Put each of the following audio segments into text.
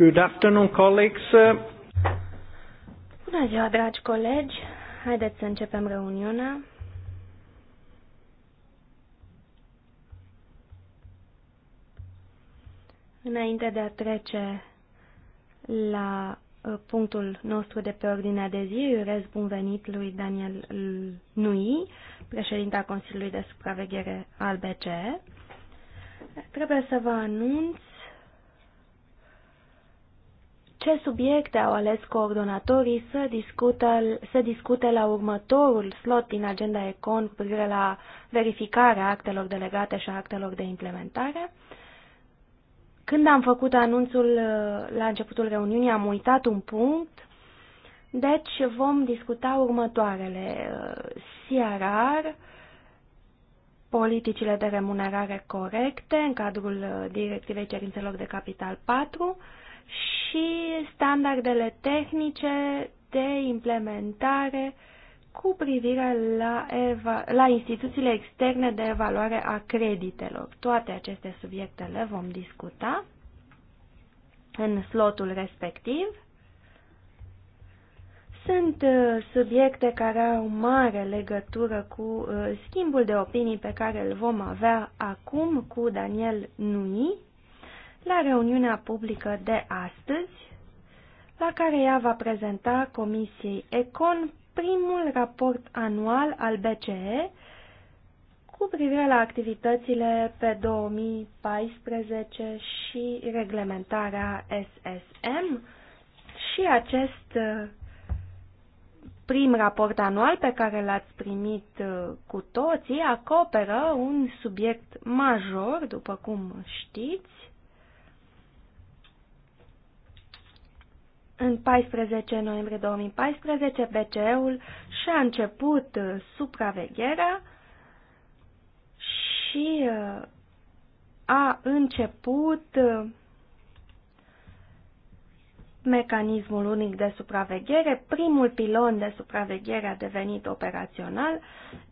Good afternoon, colleagues. Bună ziua, dragi colegi. Haideți să începem reuniunea. Înainte de a trece la uh, punctul nostru de pe ordinea de zi, urez bun venit lui Daniel Nui, președinta Consiliului de Supraveghere al BCE. Trebuie să vă anunț ce subiecte au ales coordonatorii să, discută, să discute la următorul slot din agenda ECON cu privire la verificarea actelor delegate și a actelor de implementare. Când am făcut anunțul uh, la începutul reuniunii, am uitat un punct. Deci vom discuta următoarele. Uh, CRR, politicile de remunerare corecte în cadrul uh, Directivei Cerințelor de Capital 4, și standardele tehnice de implementare cu privire la, la instituțiile externe de evaluare a creditelor. Toate aceste subiecte le vom discuta în slotul respectiv. Sunt uh, subiecte care au mare legătură cu uh, schimbul de opinii pe care îl vom avea acum cu Daniel Nuni, la reuniunea publică de astăzi, la care ea va prezenta Comisiei Econ primul raport anual al BCE cu privire la activitățile pe 2014 și reglementarea SSM și acest uh, prim raport anual pe care l-ați primit uh, cu toții acoperă un subiect major, după cum știți, În 14 noiembrie 2014, BCE-ul și-a început uh, supravegherea și uh, a început uh, mecanismul unic de supraveghere, primul pilon de supraveghere a devenit operațional,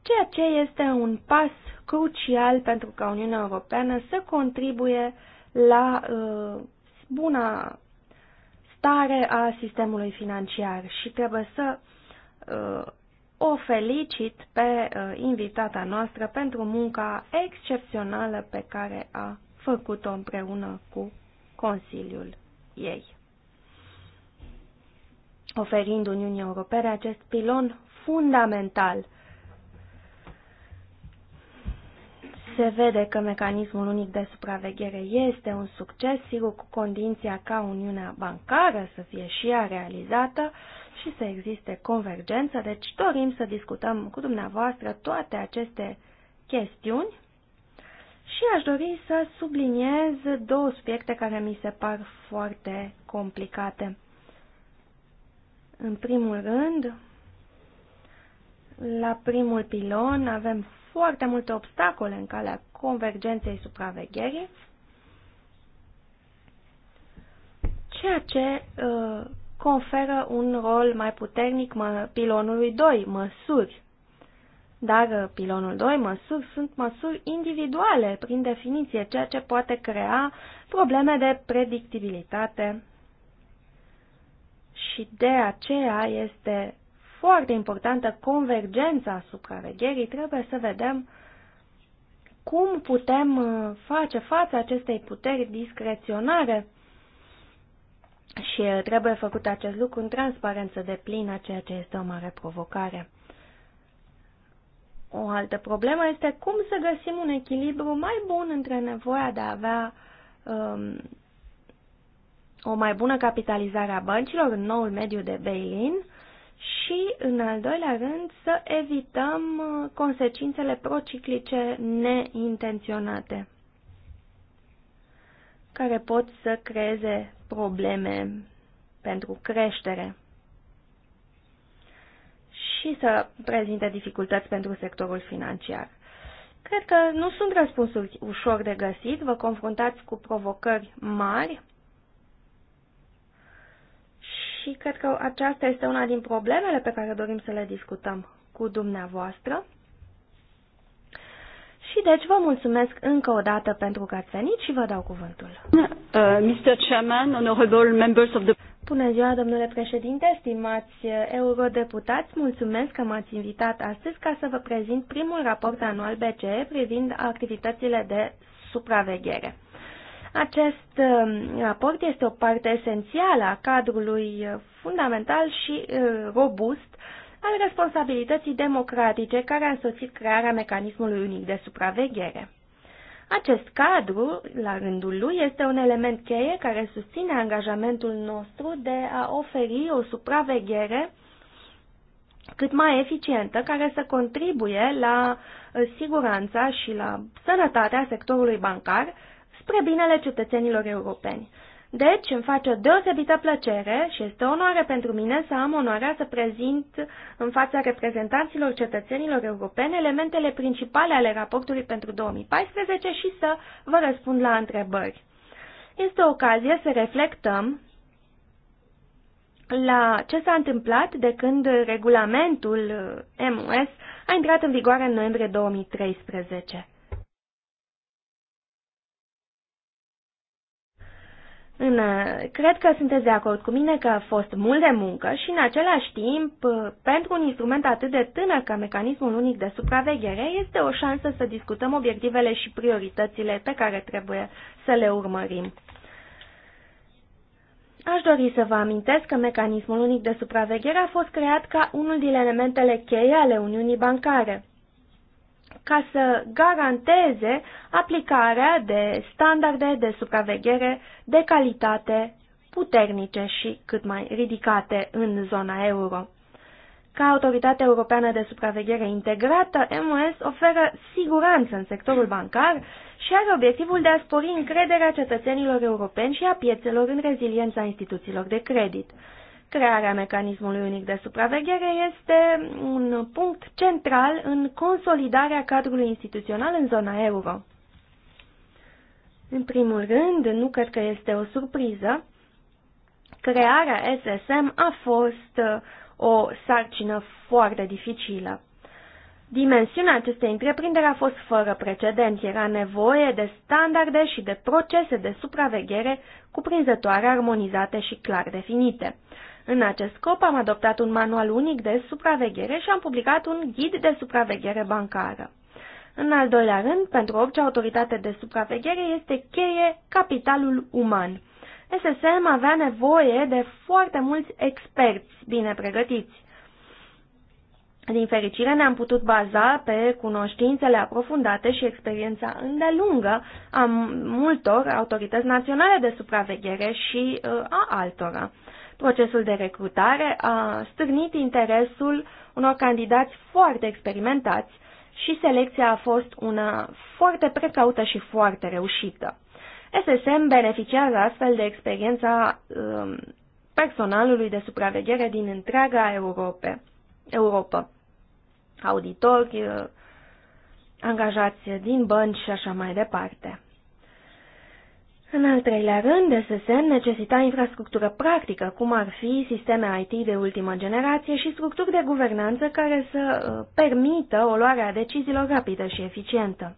ceea ce este un pas crucial pentru ca Uniunea Europeană să contribuie la uh, buna stare a sistemului financiar și trebuie să uh, o felicit pe uh, invitata noastră pentru munca excepțională pe care a făcut-o împreună cu Consiliul ei, oferind Uniunii Europene acest pilon fundamental Se vede că mecanismul unic de supraveghere este un succes, sigur cu condiția ca Uniunea Bancară să fie și ea realizată și să existe convergență, deci dorim să discutăm cu dumneavoastră toate aceste chestiuni și aș dori să subliniez două subiecte care mi se par foarte complicate. În primul rând, la primul pilon avem foarte multe obstacole în calea convergenței supravegherii, ceea ce uh, conferă un rol mai puternic mă, pilonului 2, măsuri. Dar uh, pilonul 2, măsuri, sunt măsuri individuale, prin definiție, ceea ce poate crea probleme de predictibilitate. Și de aceea este foarte importantă convergența supravegherii, trebuie să vedem cum putem uh, face față acestei puteri discreționare și uh, trebuie făcut acest lucru în transparență de plină, ceea ce este o mare provocare. O altă problemă este cum să găsim un echilibru mai bun între nevoia de a avea um, o mai bună capitalizare a băncilor în noul mediu de bail-in și, în al doilea rând, să evităm uh, consecințele prociclice neintenționate, care pot să creeze probleme pentru creștere și să prezinte dificultăți pentru sectorul financiar. Cred că nu sunt răspunsuri ușor de găsit, vă confruntați cu provocări mari și cred că aceasta este una din problemele pe care dorim să le discutăm cu dumneavoastră. Și deci vă mulțumesc încă o dată pentru că ați venit și vă dau cuvântul. Uh, Mr. Chairman, honorable members of the... Bună ziua, domnule președinte, stimați eurodeputați, mulțumesc că m-ați invitat astăzi ca să vă prezint primul raport anual BCE privind activitățile de supraveghere. Acest um, raport este o parte esențială a cadrului uh, fundamental și uh, robust al responsabilității democratice care a însoțit crearea mecanismului unic de supraveghere. Acest cadru, la rândul lui, este un element cheie care susține angajamentul nostru de a oferi o supraveghere cât mai eficientă care să contribuie la uh, siguranța și la sănătatea sectorului bancar spre binele cetățenilor europeni. Deci îmi face o deosebită plăcere și este o onoare pentru mine să am onoarea să prezint în fața reprezentanților cetățenilor europeni elementele principale ale raportului pentru 2014 și să vă răspund la întrebări. Este o ocazie să reflectăm la ce s-a întâmplat de când regulamentul MUS a intrat în vigoare în noiembrie 2013. În, cred că sunteți de acord cu mine că a fost mult de muncă și în același timp, pentru un instrument atât de tânăr ca mecanismul unic de supraveghere, este o șansă să discutăm obiectivele și prioritățile pe care trebuie să le urmărim. Aș dori să vă amintesc că mecanismul unic de supraveghere a fost creat ca unul din elementele cheie ale Uniunii Bancare ca să garanteze aplicarea de standarde de supraveghere de calitate puternice și cât mai ridicate în zona euro. Ca autoritate europeană de supraveghere integrată, MOS oferă siguranță în sectorul bancar și are obiectivul de a spori încrederea cetățenilor europeni și a piețelor în reziliența instituțiilor de credit. Crearea mecanismului unic de supraveghere este un punct central în consolidarea cadrului instituțional în zona euro. În primul rând, nu cred că este o surpriză, crearea SSM a fost uh, o sarcină foarte dificilă. Dimensiunea acestei întreprinderi a fost fără precedent. Era nevoie de standarde și de procese de supraveghere cuprinzătoare, armonizate și clar definite. În acest scop am adoptat un manual unic de supraveghere și am publicat un ghid de supraveghere bancară. În al doilea rând, pentru orice autoritate de supraveghere este cheie capitalul uman. SSM avea nevoie de foarte mulți experți bine pregătiți. Din fericire ne-am putut baza pe cunoștințele aprofundate și experiența îndelungă a multor autorități naționale de supraveghere și uh, a altora. Procesul de recrutare a stârnit interesul unor candidați foarte experimentați și selecția a fost una foarte precaută și foarte reușită. SSM beneficiază astfel de experiența um, personalului de supraveghere din întreaga Europe, Europa. Auditori, uh, angajați din bănci și așa mai departe. În al treilea rând, SSM necesita infrastructură practică, cum ar fi sisteme IT de ultimă generație și structuri de guvernanță care să uh, permită o luare a deciziilor rapidă și eficientă.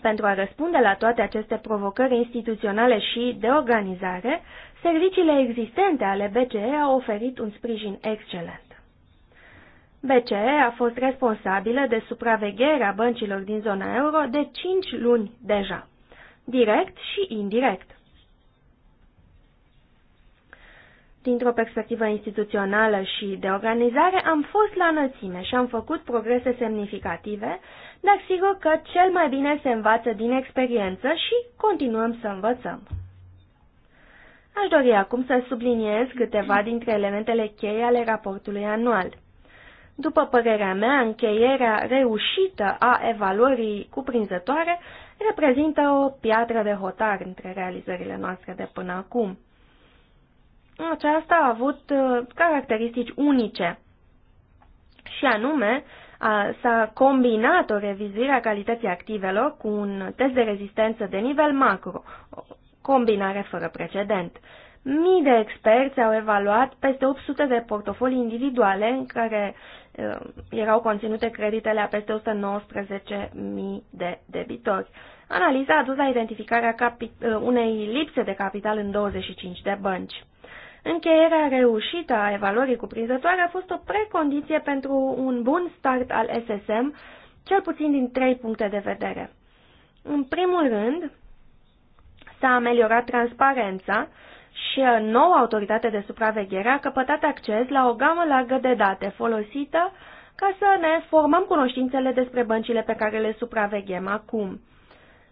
Pentru a răspunde la toate aceste provocări instituționale și de organizare, serviciile existente ale BCE au oferit un sprijin excelent. BCE a fost responsabilă de supravegherea băncilor din zona euro de 5 luni deja, direct și indirect. Dintr-o perspectivă instituțională și de organizare, am fost la înălțime și am făcut progrese semnificative, dar sigur că cel mai bine se învață din experiență și continuăm să învățăm. Aș dori acum să subliniez câteva dintre elementele cheie ale raportului anual. După părerea mea, încheierea reușită a evaluării cuprinzătoare reprezintă o piatră de hotar între realizările noastre de până acum. Aceasta a avut uh, caracteristici unice și anume s-a combinat o revizuire a calității activelor cu un test de rezistență de nivel macro, o combinare fără precedent. Mii de experți au evaluat peste 800 de portofolii individuale în care Uh, erau conținute creditele a peste 119.000 de debitori. Analiza a dus la identificarea uh, unei lipse de capital în 25 de bănci. Încheierea reușită a evaluării cuprinzătoare a fost o precondiție pentru un bun start al SSM, cel puțin din trei puncte de vedere. În primul rând, s-a ameliorat transparența, și uh, noua autoritate de supraveghere a căpătat acces la o gamă largă de date folosită ca să ne formăm cunoștințele despre băncile pe care le supraveghem acum.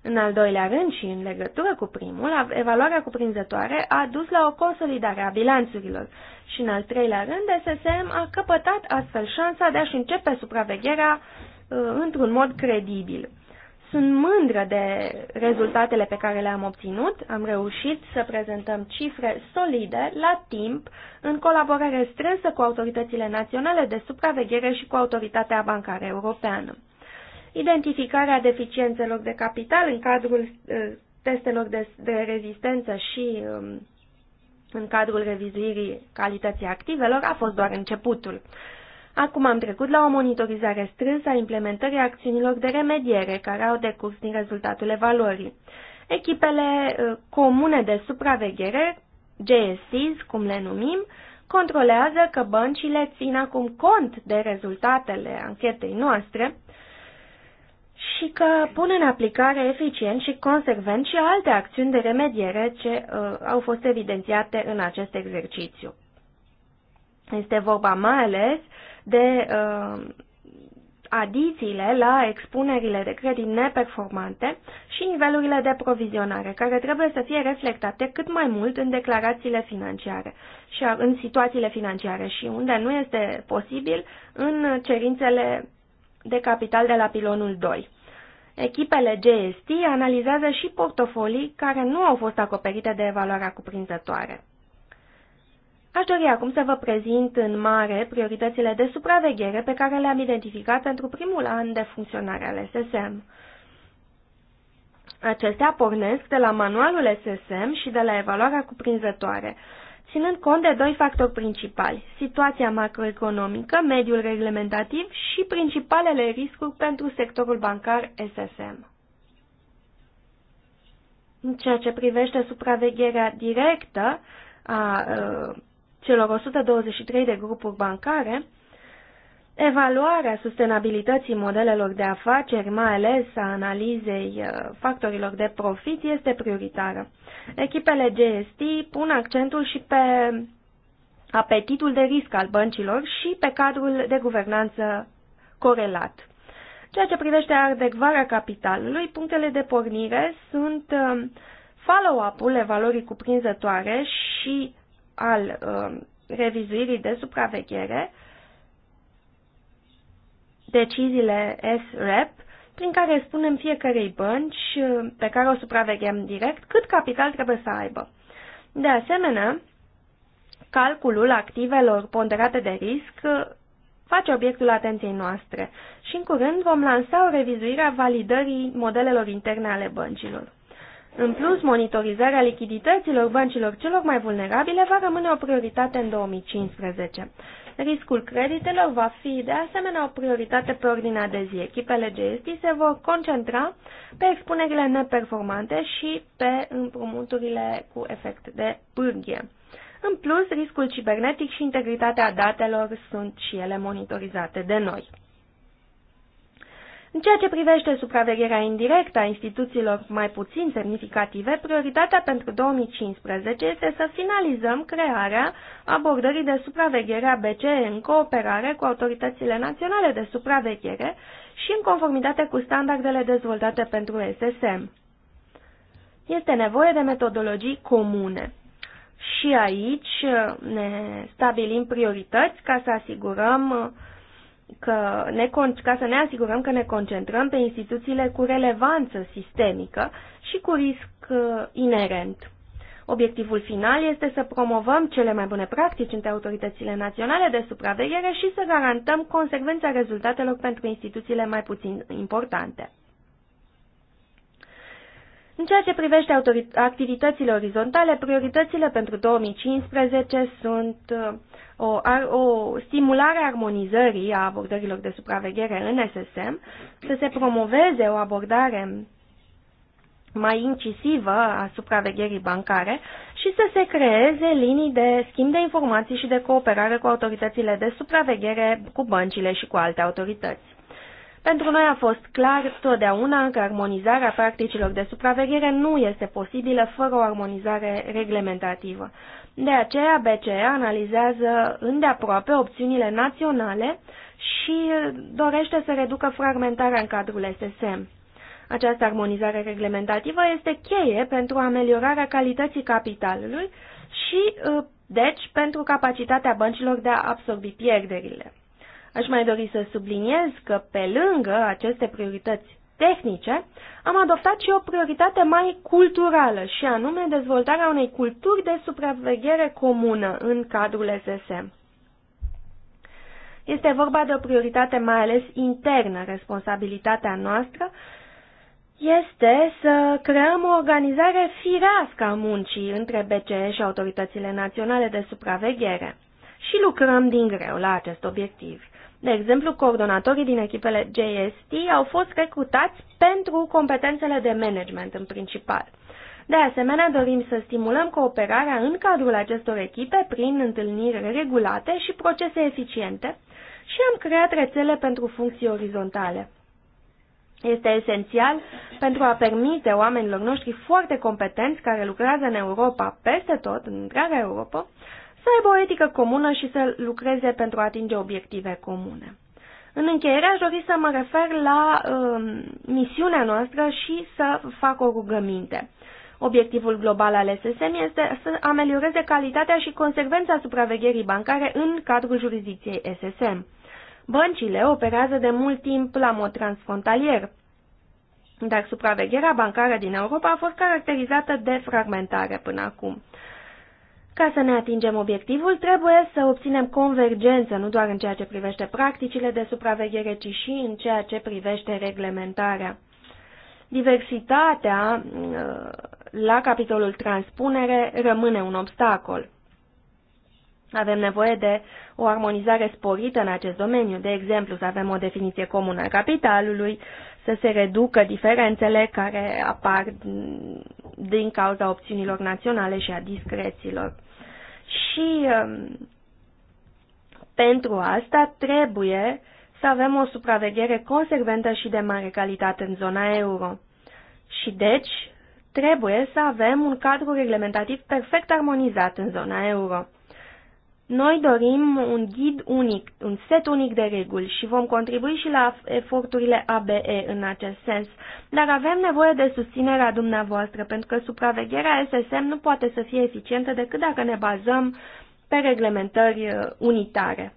În al doilea rând și în legătură cu primul, evaluarea cuprinzătoare a dus la o consolidare a bilanțurilor și în al treilea rând SSM a căpătat astfel șansa de a-și începe supravegherea uh, într-un mod credibil. Sunt mândră de rezultatele pe care le-am obținut. Am reușit să prezentăm cifre solide, la timp, în colaborare strânsă cu autoritățile naționale de supraveghere și cu Autoritatea Bancară Europeană. Identificarea deficiențelor de capital în cadrul ă, testelor de, de rezistență și ă, în cadrul revizuirii calității activelor a fost doar începutul. Acum am trecut la o monitorizare strânsă a implementării acțiunilor de remediere care au decurs din rezultatul evaluării. Echipele uh, comune de supraveghere, GSCs, cum le numim, controlează că băncile țin acum cont de rezultatele anchetei noastre și că pun în aplicare eficient și consecvent și alte acțiuni de remediere ce uh, au fost evidențiate în acest exercițiu. Este vorba mai ales de uh, adițiile la expunerile de credit neperformante și nivelurile de provizionare, care trebuie să fie reflectate cât mai mult în declarațiile financiare și în situațiile financiare și unde nu este posibil în cerințele de capital de la pilonul 2. Echipele GST analizează și portofolii care nu au fost acoperite de evaluarea cuprinzătoare. Aș dori acum să vă prezint în mare prioritățile de supraveghere pe care le-am identificat pentru primul an de funcționare al SSM. Acestea pornesc de la manualul SSM și de la evaluarea cuprinzătoare, ținând cont de doi factori principali, situația macroeconomică, mediul reglementativ și principalele riscuri pentru sectorul bancar SSM. În ceea ce privește supravegherea directă a a ă, celor 123 de grupuri bancare, evaluarea sustenabilității modelelor de afaceri, mai ales a analizei uh, factorilor de profit, este prioritară. Echipele GST pun accentul și pe apetitul de risc al băncilor și pe cadrul de guvernanță corelat. Ceea ce privește adecvarea capitalului, punctele de pornire sunt uh, follow-up-ul evaluării cuprinzătoare și al um, revizuirii de supraveghere, deciziile SREP, prin care spunem fiecarei bănci um, pe care o supraveghem direct cât capital trebuie să aibă. De asemenea, calculul activelor ponderate de risc uh, face obiectul atenției noastre și în curând vom lansa o revizuire a validării modelelor interne ale băncilor. În plus, monitorizarea lichidităților băncilor celor mai vulnerabile va rămâne o prioritate în 2015. Riscul creditelor va fi de asemenea o prioritate pe ordinea de zi. Echipele GST se vor concentra pe expunerile neperformante și pe împrumuturile cu efect de pârghie. În plus, riscul cibernetic și integritatea datelor sunt și ele monitorizate de noi. În ceea ce privește supravegherea indirectă a instituțiilor mai puțin semnificative, prioritatea pentru 2015 este să finalizăm crearea abordării de supraveghere a BCE în cooperare cu autoritățile naționale de supraveghere și în conformitate cu standardele dezvoltate pentru SSM. Este nevoie de metodologii comune. Și aici ne stabilim priorități ca să asigurăm uh, că ne, ca să ne asigurăm că ne concentrăm pe instituțiile cu relevanță sistemică și cu risc uh, inerent. Obiectivul final este să promovăm cele mai bune practici între autoritățile naționale de supraveghere și să garantăm consecvența rezultatelor pentru instituțiile mai puțin importante. În ceea ce privește activitățile orizontale, prioritățile pentru 2015 sunt uh, o, o stimulare a armonizării a abordărilor de supraveghere în SSM, să se promoveze o abordare mai incisivă a supravegherii bancare și să se creeze linii de schimb de informații și de cooperare cu autoritățile de supraveghere, cu băncile și cu alte autorități. Pentru noi a fost clar totdeauna că armonizarea practicilor de supraveghere nu este posibilă fără o armonizare reglementativă. De aceea, BCE analizează îndeaproape opțiunile naționale și dorește să reducă fragmentarea în cadrul SSM. Această armonizare reglementativă este cheie pentru ameliorarea calității capitalului și, deci, pentru capacitatea băncilor de a absorbi pierderile. Aș mai dori să subliniez că pe lângă aceste priorități tehnice, am adoptat și o prioritate mai culturală și anume dezvoltarea unei culturi de supraveghere comună în cadrul SSM. Este vorba de o prioritate mai ales internă. Responsabilitatea noastră este să creăm o organizare firească a muncii între BCE și autoritățile naționale de supraveghere și lucrăm din greu la acest obiectiv. De exemplu, coordonatorii din echipele JST au fost recrutați pentru competențele de management în principal. De asemenea, dorim să stimulăm cooperarea în cadrul acestor echipe prin întâlniri regulate și procese eficiente și am creat rețele pentru funcții orizontale. Este esențial pentru a permite oamenilor noștri foarte competenți care lucrează în Europa, peste tot, în întreaga Europa, să aibă o etică comună și să lucreze pentru a atinge obiective comune. În încheiere aș dori să mă refer la uh, misiunea noastră și să fac o rugăminte. Obiectivul global al SSM este să amelioreze calitatea și consecvența supravegherii bancare în cadrul jurisdicției SSM. Băncile operează de mult timp la mod transfrontalier, dar supravegherea bancară din Europa a fost caracterizată de fragmentare până acum. Ca să ne atingem obiectivul, trebuie să obținem convergență nu doar în ceea ce privește practicile de supraveghere, ci și în ceea ce privește reglementarea. Diversitatea uh, la capitolul transpunere rămâne un obstacol. Avem nevoie de o armonizare sporită în acest domeniu, de exemplu să avem o definiție comună a capitalului, să se reducă diferențele care apar din cauza opțiunilor naționale și a discrețiilor. Și um, pentru asta trebuie să avem o supraveghere consecventă și de mare calitate în zona euro. Și deci trebuie să avem un cadru reglementativ perfect armonizat în zona euro. Noi dorim un ghid unic, un set unic de reguli și vom contribui și la eforturile ABE în acest sens, dar avem nevoie de susținerea dumneavoastră, pentru că supravegherea SSM nu poate să fie eficientă decât dacă ne bazăm pe reglementări uh, unitare.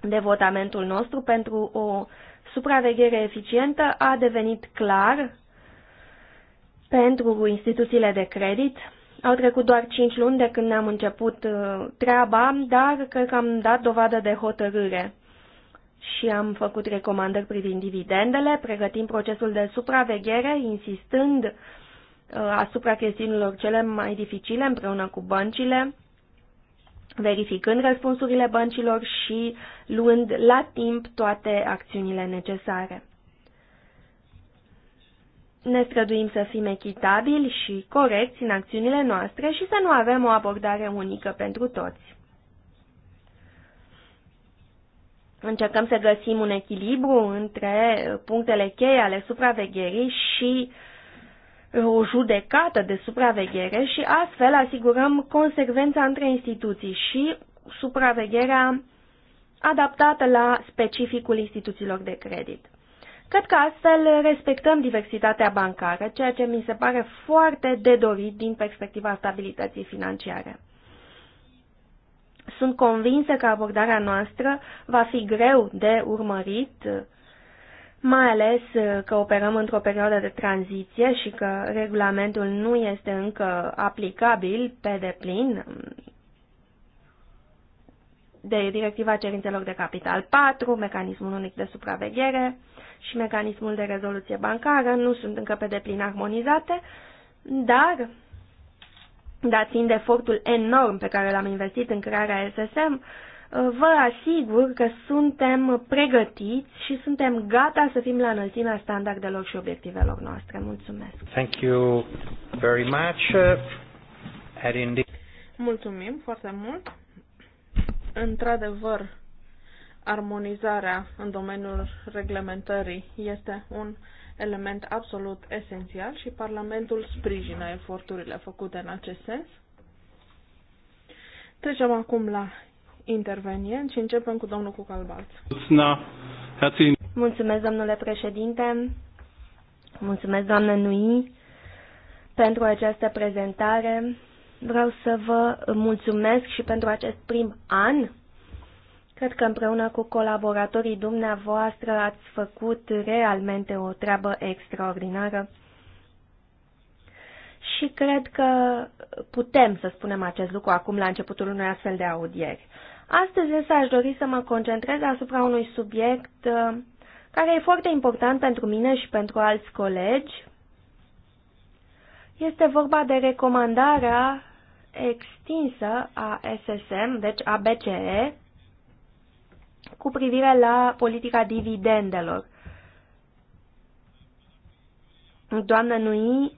Devotamentul nostru pentru o supraveghere eficientă a devenit clar pentru instituțiile de credit, au trecut doar 5 luni de când ne-am început uh, treaba, dar cred că am dat dovadă de hotărâre și am făcut recomandări privind dividendele, pregătim procesul de supraveghere, insistând uh, asupra chestiunilor cele mai dificile împreună cu băncile, verificând răspunsurile băncilor și luând la timp toate acțiunile necesare ne străduim să fim echitabili și corecți în acțiunile noastre și să nu avem o abordare unică pentru toți. Încercăm să găsim un echilibru între punctele cheie ale supravegherii și o judecată de supraveghere și astfel asigurăm consecvența între instituții și supravegherea adaptată la specificul instituțiilor de credit. Cred că astfel respectăm diversitatea bancară, ceea ce mi se pare foarte de dorit din perspectiva stabilității financiare. Sunt convinsă că abordarea noastră va fi greu de urmărit, mai ales că operăm într-o perioadă de tranziție și că regulamentul nu este încă aplicabil pe deplin de directiva cerințelor de capital 4, mecanismul unic de supraveghere, și mecanismul de rezoluție bancară nu sunt încă pe deplin armonizate, dar, dat fiind efortul enorm pe care l-am investit în crearea SSM, vă asigur că suntem pregătiți și suntem gata să fim la înălțimea standardelor și obiectivelor noastre. Mulțumesc! Thank you very much. Mulțumim foarte mult! Într-adevăr, armonizarea în domeniul reglementării este un element absolut esențial și Parlamentul sprijină eforturile făcute în acest sens. Trecem acum la intervenient și începem cu domnul Cucalbaț. Mulțumesc, domnule președinte. Mulțumesc, doamnă Nui, pentru această prezentare. Vreau să vă mulțumesc și pentru acest prim an Cred că împreună cu colaboratorii dumneavoastră ați făcut realmente o treabă extraordinară și cred că putem să spunem acest lucru acum la începutul unui astfel de audieri. Astăzi însă aș dori să mă concentrez asupra unui subiect uh, care e foarte important pentru mine și pentru alți colegi. Este vorba de recomandarea extinsă a SSM, deci a BCE, cu privire la politica dividendelor. Doamnă Nui,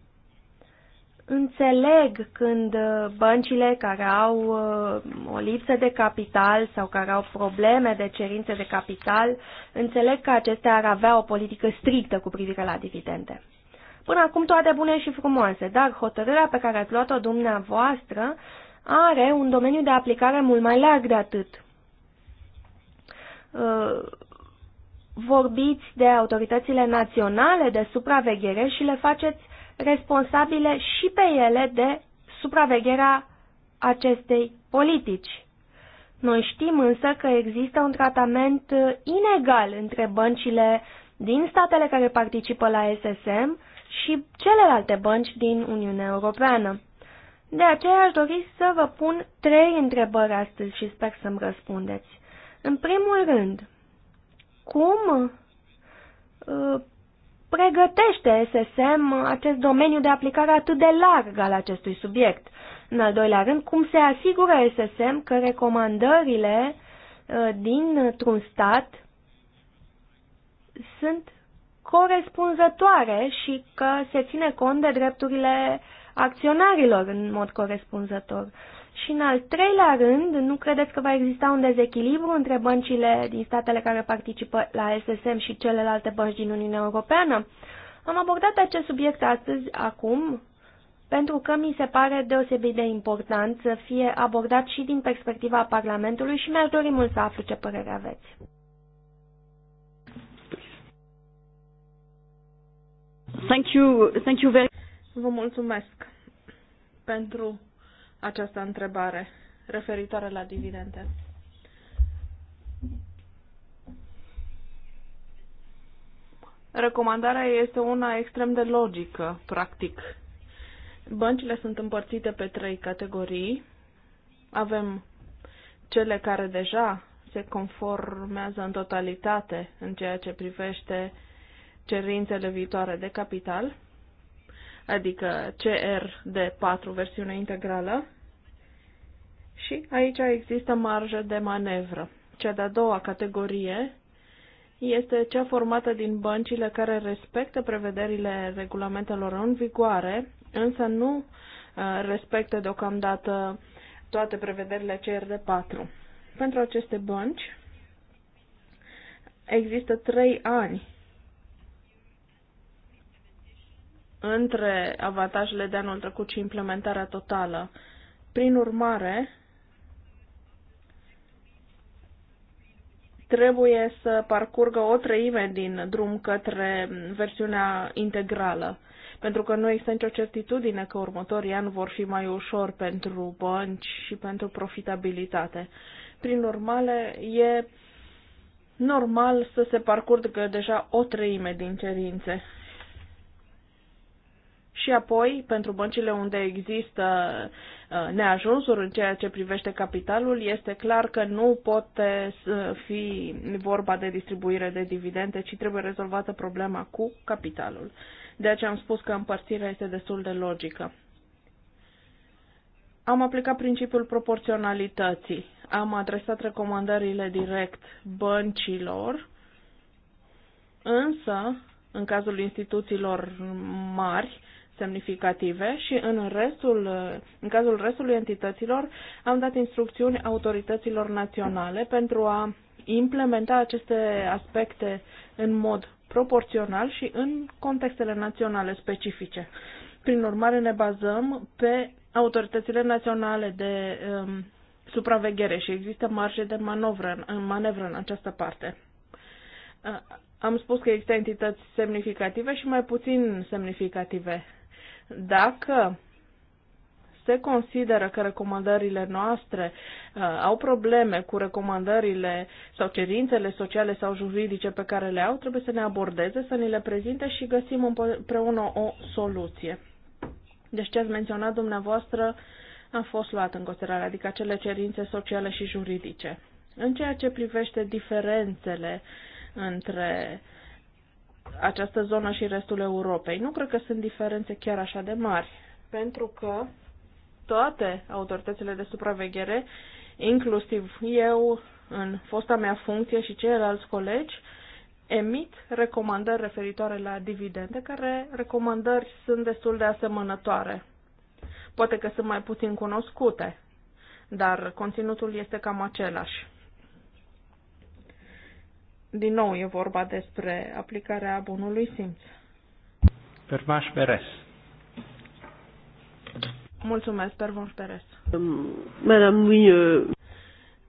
înțeleg când băncile care au uh, o lipsă de capital sau care au probleme de cerințe de capital, înțeleg că acestea ar avea o politică strictă cu privire la dividende. Până acum toate bune și frumoase, dar hotărârea pe care ați luat-o dumneavoastră are un domeniu de aplicare mult mai larg de atât. Uh, vorbiți de autoritățile naționale de supraveghere și le faceți responsabile și pe ele de supravegherea acestei politici. Noi știm însă că există un tratament uh, inegal între băncile din statele care participă la SSM și celelalte bănci din Uniunea Europeană. De aceea aș dori să vă pun trei întrebări astăzi și sper să-mi răspundeți. În primul rând, cum uh, pregătește SSM acest domeniu de aplicare atât de larg al acestui subiect? În al doilea rând, cum se asigură SSM că recomandările uh, dintr-un stat sunt corespunzătoare și că se ține cont de drepturile acționarilor în mod corespunzător. Și în al treilea rând, nu credeți că va exista un dezechilibru între băncile din statele care participă la SSM și celelalte bănci din Uniunea Europeană? Am abordat acest subiect astăzi, acum, pentru că mi se pare deosebit de important să fie abordat și din perspectiva Parlamentului și mi-aș dori mult să aflu ce părere aveți. Thank you, thank you very... Vă mulțumesc pentru această întrebare referitoare la dividende. Recomandarea este una extrem de logică, practic. Băncile sunt împărțite pe trei categorii. Avem cele care deja se conformează în totalitate în ceea ce privește cerințele viitoare de capital, adică CR de 4 versiune integrală, și aici există marjă de manevră. Cea de-a doua categorie este cea formată din băncile care respectă prevederile regulamentelor în vigoare, însă nu uh, respectă deocamdată toate prevederile CRD4. Pentru aceste bănci există trei ani între avantajele de anul trecut și implementarea totală. Prin urmare, trebuie să parcurgă o treime din drum către versiunea integrală, pentru că nu există nicio certitudine că următorii ani vor fi mai ușor pentru bănci și pentru profitabilitate. Prin urmare, e normal să se parcurgă deja o treime din cerințe și apoi, pentru băncile unde există uh, neajunsuri în ceea ce privește capitalul, este clar că nu poate uh, fi vorba de distribuire de dividende, ci trebuie rezolvată problema cu capitalul. De aceea am spus că împărțirea este destul de logică. Am aplicat principiul proporționalității. Am adresat recomandările direct băncilor, însă, în cazul instituțiilor mari, semnificative și în restul, în cazul restului entităților, am dat instrucțiuni autorităților naționale pentru a implementa aceste aspecte în mod proporțional și în contextele naționale specifice. Prin urmare, ne bazăm pe autoritățile naționale de um, supraveghere și există marge de manevră în, manevră în această parte. Uh, am spus că există entități semnificative și mai puțin semnificative. Dacă se consideră că recomandările noastre uh, au probleme cu recomandările sau cerințele sociale sau juridice pe care le au, trebuie să ne abordeze, să ni le prezinte și găsim împreună o soluție. Deci ce ați menționat dumneavoastră a fost luat în considerare, adică acele cerințe sociale și juridice. În ceea ce privește diferențele între uh, această zonă și restul Europei. Nu cred că sunt diferențe chiar așa de mari, pentru că toate autoritățile de supraveghere, inclusiv eu în fosta mea funcție și ceilalți colegi, emit recomandări referitoare la dividende, care recomandări sunt destul de asemănătoare. Poate că sunt mai puțin cunoscute, dar conținutul este cam același. Din nou e vorba despre aplicarea bunului simț. Permaș Beres. Mulțumesc, Permaș Beres. Um, madame, euh,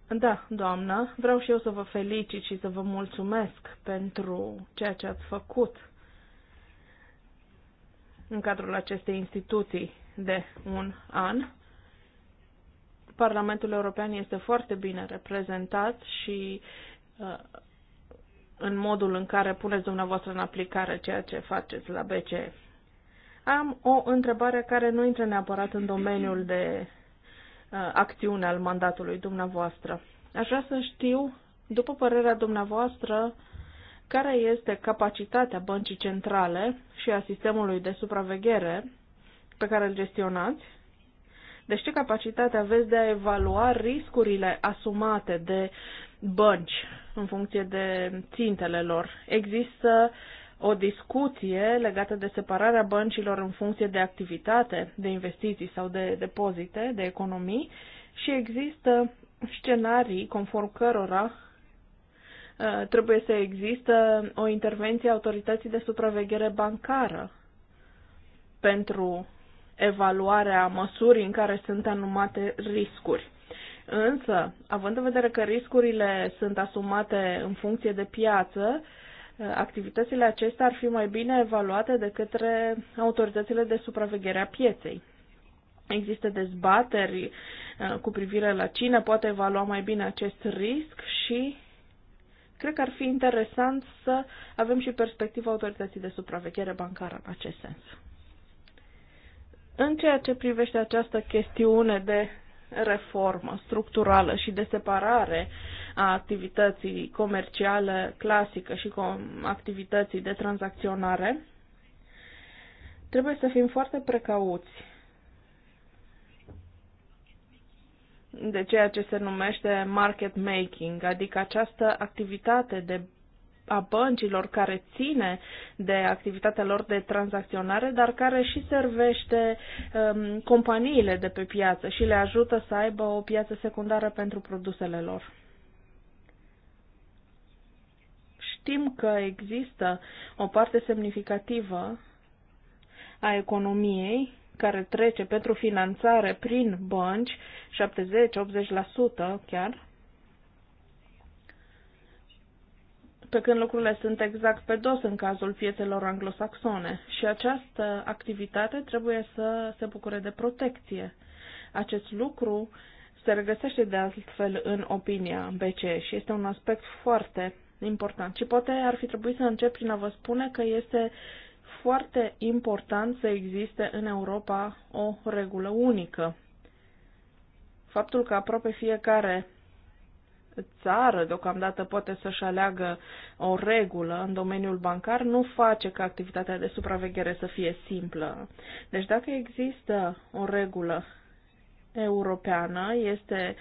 Da, doamnă, vreau și eu să vă felicit și să vă mulțumesc pentru ceea ce ați făcut în cadrul acestei instituții de un an. Parlamentul European este foarte bine reprezentat și uh, în modul în care puneți dumneavoastră în aplicare ceea ce faceți la BCE. Am o întrebare care nu intră neapărat în domeniul de uh, acțiune al mandatului dumneavoastră. Aș vrea să știu, după părerea dumneavoastră, care este capacitatea băncii centrale și a sistemului de supraveghere pe care îl gestionați? Deci ce capacitate aveți de a evalua riscurile asumate de bănci în funcție de țintele lor. Există o discuție legată de separarea băncilor în funcție de activitate, de investiții sau de depozite, de economii și există scenarii conform cărora uh, trebuie să există o intervenție a autorității de supraveghere bancară pentru evaluarea măsurii în care sunt anumate riscuri. Însă, având în vedere că riscurile sunt asumate în funcție de piață, activitățile acestea ar fi mai bine evaluate de către autoritățile de supraveghere a pieței. Există dezbateri uh, cu privire la cine poate evalua mai bine acest risc și cred că ar fi interesant să avem și perspectiva autorității de supraveghere bancară în acest sens. În ceea ce privește această chestiune de reformă structurală și de separare a activității comerciale clasică și activității de tranzacționare, trebuie să fim foarte precauți de ceea ce se numește market making, adică această activitate de a băncilor care ține de activitatea lor de tranzacționare, dar care și servește um, companiile de pe piață și le ajută să aibă o piață secundară pentru produsele lor. Știm că există o parte semnificativă a economiei care trece pentru finanțare prin bănci, 70-80% chiar, pe când lucrurile sunt exact pe dos în cazul piețelor anglosaxone și această activitate trebuie să se bucure de protecție. Acest lucru se regăsește de altfel în opinia BCE și este un aspect foarte important. Și poate ar fi trebuit să încep prin a vă spune că este foarte important să existe în Europa o regulă unică. Faptul că aproape fiecare țară deocamdată poate să-și aleagă o regulă în domeniul bancar, nu face ca activitatea de supraveghere să fie simplă. Deci dacă există o regulă europeană este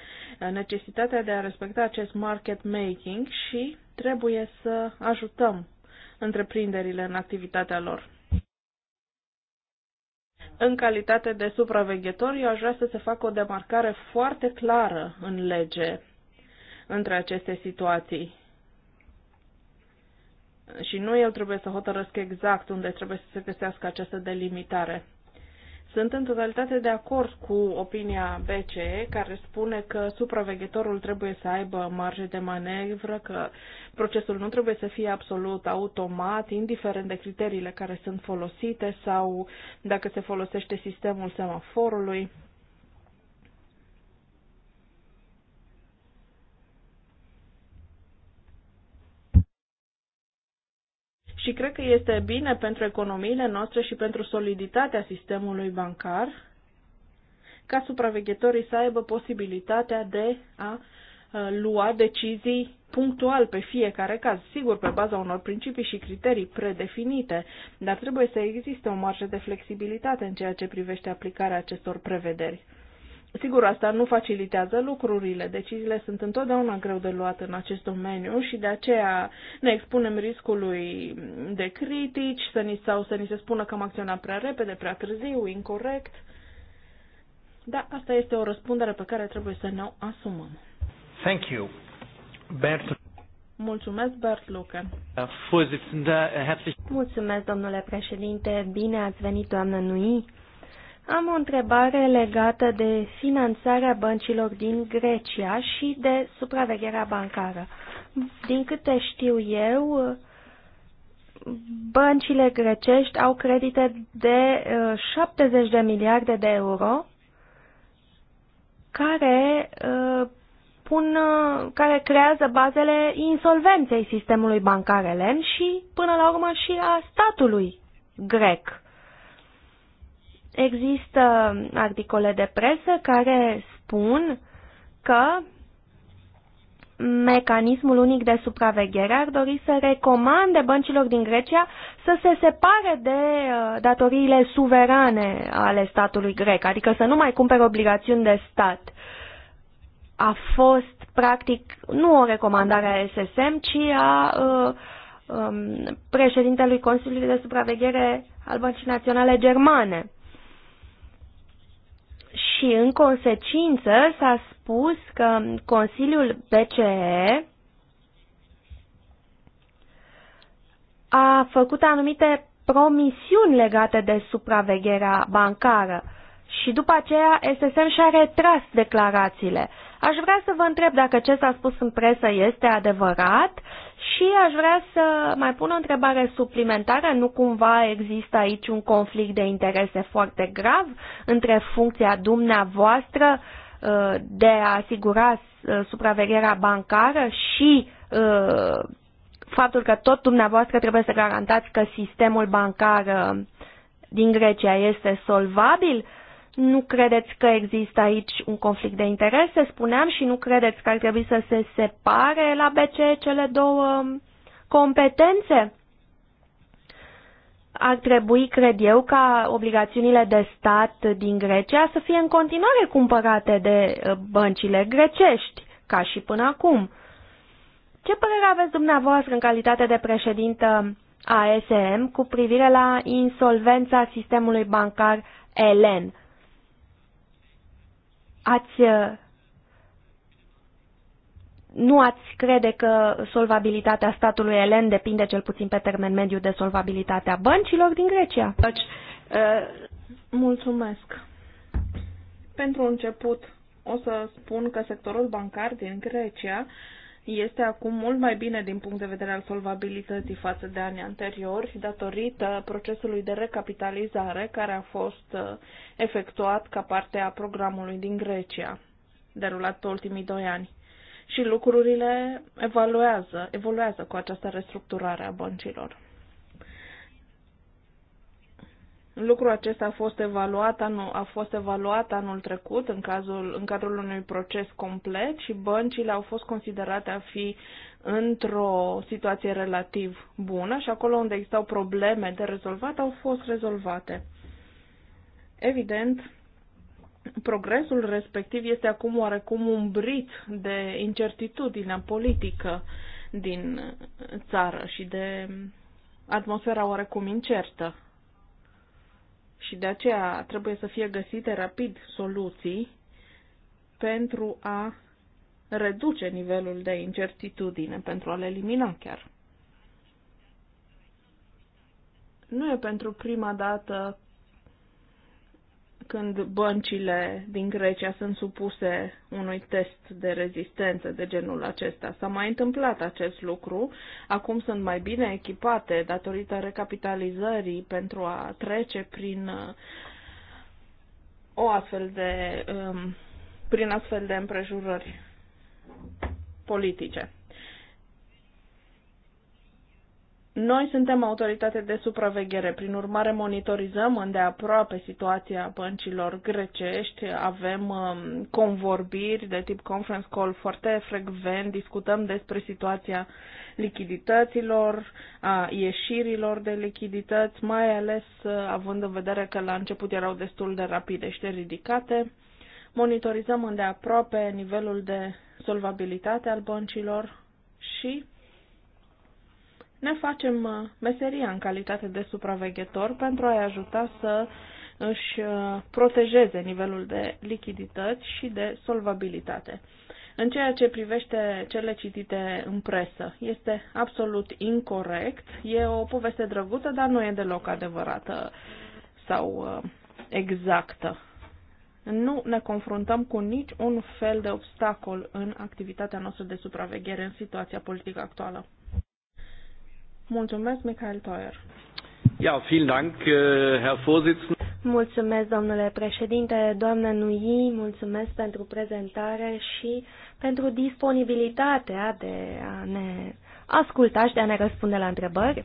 necesitatea de a respecta acest market making și trebuie să ajutăm întreprinderile în activitatea lor. În calitate de supraveghetor, eu aș vrea să se facă o demarcare foarte clară în lege între aceste situații. Și nu eu trebuie să hotărăsc exact unde trebuie să se găsească această delimitare. Sunt în totalitate de acord cu opinia BCE, care spune că supraveghetorul trebuie să aibă marge de manevră, că procesul nu trebuie să fie absolut automat, indiferent de criteriile care sunt folosite sau dacă se folosește sistemul semaforului. Și cred că este bine pentru economiile noastre și pentru soliditatea sistemului bancar ca supraveghetorii să aibă posibilitatea de a lua decizii punctual pe fiecare caz, sigur pe baza unor principii și criterii predefinite, dar trebuie să existe o marjă de flexibilitate în ceea ce privește aplicarea acestor prevederi. Sigur, asta nu facilitează lucrurile. Deciziile sunt întotdeauna greu de luat în acest domeniu și de aceea ne expunem riscului de critici să ni, sau să ni se spună că am acționat prea repede, prea târziu, incorrect. Da, asta este o răspundere pe care trebuie să ne o asumăm. Thank you. Bert. Mulțumesc, Bert Luca. Uh, uh, Mulțumesc, domnule președinte. Bine ați venit, doamnă Nui. Am o întrebare legată de finanțarea băncilor din Grecia și de supravegherea bancară. Din câte știu eu, băncile grecești au credite de 70 uh, de miliarde de euro care uh, pun, uh, care creează bazele insolvenței sistemului bancar elen și, până la urmă, și a statului grec. Există articole de presă care spun că mecanismul unic de supraveghere ar dori să recomande băncilor din Grecia să se separe de uh, datoriile suverane ale statului grec, adică să nu mai cumpere obligațiuni de stat. A fost, practic, nu o recomandare a SSM, ci a uh, um, președintelui Consiliului de Supraveghere al Băncii Naționale Germane și în consecință s-a spus că Consiliul BCE a făcut anumite promisiuni legate de supravegherea bancară și după aceea SSM și-a retras declarațiile. Aș vrea să vă întreb dacă ce s-a spus în presă este adevărat și aș vrea să mai pun o întrebare suplimentară. Nu cumva există aici un conflict de interese foarte grav între funcția dumneavoastră uh, de a asigura uh, supravegherea bancară și uh, faptul că tot dumneavoastră trebuie să garantați că sistemul bancar din Grecia este solvabil? Uh, nu credeți că există aici un conflict de interese, spuneam, și nu credeți că ar trebui să se separe la BCE cele două um, competențe? Ar trebui, cred eu, ca obligațiunile de stat din Grecia să fie în continuare cumpărate de uh, băncile grecești, ca și până acum. Ce părere aveți dumneavoastră în calitate de președintă ASM cu privire la insolvența sistemului bancar ELEN? ați uh, nu ați crede că solvabilitatea statului elen depinde cel puțin pe termen mediu de solvabilitatea băncilor din Grecia? Deci, uh, mulțumesc. Pentru început, o să spun că sectorul bancar din Grecia este acum mult mai bine din punct de vedere al solvabilității față de anii anteriori, datorită procesului de recapitalizare care a fost uh, efectuat ca parte a programului din Grecia, derulat pe ultimii doi ani. Și lucrurile evoluează, evoluează cu această restructurare a băncilor. Lucrul acesta a fost evaluat anul, a fost evaluat anul trecut în, cazul, în cadrul unui proces complet și băncile au fost considerate a fi într-o situație relativ bună și acolo unde existau probleme de rezolvat au fost rezolvate. Evident, progresul respectiv este acum oarecum umbrit de incertitudinea politică din țară și de atmosfera oarecum incertă și de aceea trebuie să fie găsite rapid soluții pentru a reduce nivelul de incertitudine, pentru a le elimina chiar. Nu e pentru prima dată când băncile din Grecia sunt supuse unui test de rezistență de genul acesta. S-a mai întâmplat acest lucru, acum sunt mai bine echipate datorită recapitalizării pentru a trece prin uh, o astfel de, um, prin astfel de împrejurări politice. Noi suntem autoritate de supraveghere, prin urmare monitorizăm îndeaproape situația băncilor grecești, avem um, convorbiri de tip conference call foarte frecvent, discutăm despre situația lichidităților, a ieșirilor de lichidități, mai ales uh, având în vedere că la început erau destul de rapide și de ridicate. Monitorizăm îndeaproape nivelul de solvabilitate al băncilor și ne facem uh, meseria în calitate de supraveghetor pentru a-i ajuta să își uh, protejeze nivelul de lichidități și de solvabilitate. În ceea ce privește cele citite în presă, este absolut incorrect, e o poveste drăguță, dar nu e deloc adevărată sau uh, exactă. Nu ne confruntăm cu nici un fel de obstacol în activitatea noastră de supraveghere în situația politică actuală. Mulțumesc, Michael Toyer. Ja, vielen Dank, äh, Herr Vorsitzender. Mulțumesc, domnule președinte, doamnă Nui, mulțumesc pentru prezentare și pentru disponibilitatea de a ne asculta și de a ne răspunde la întrebări.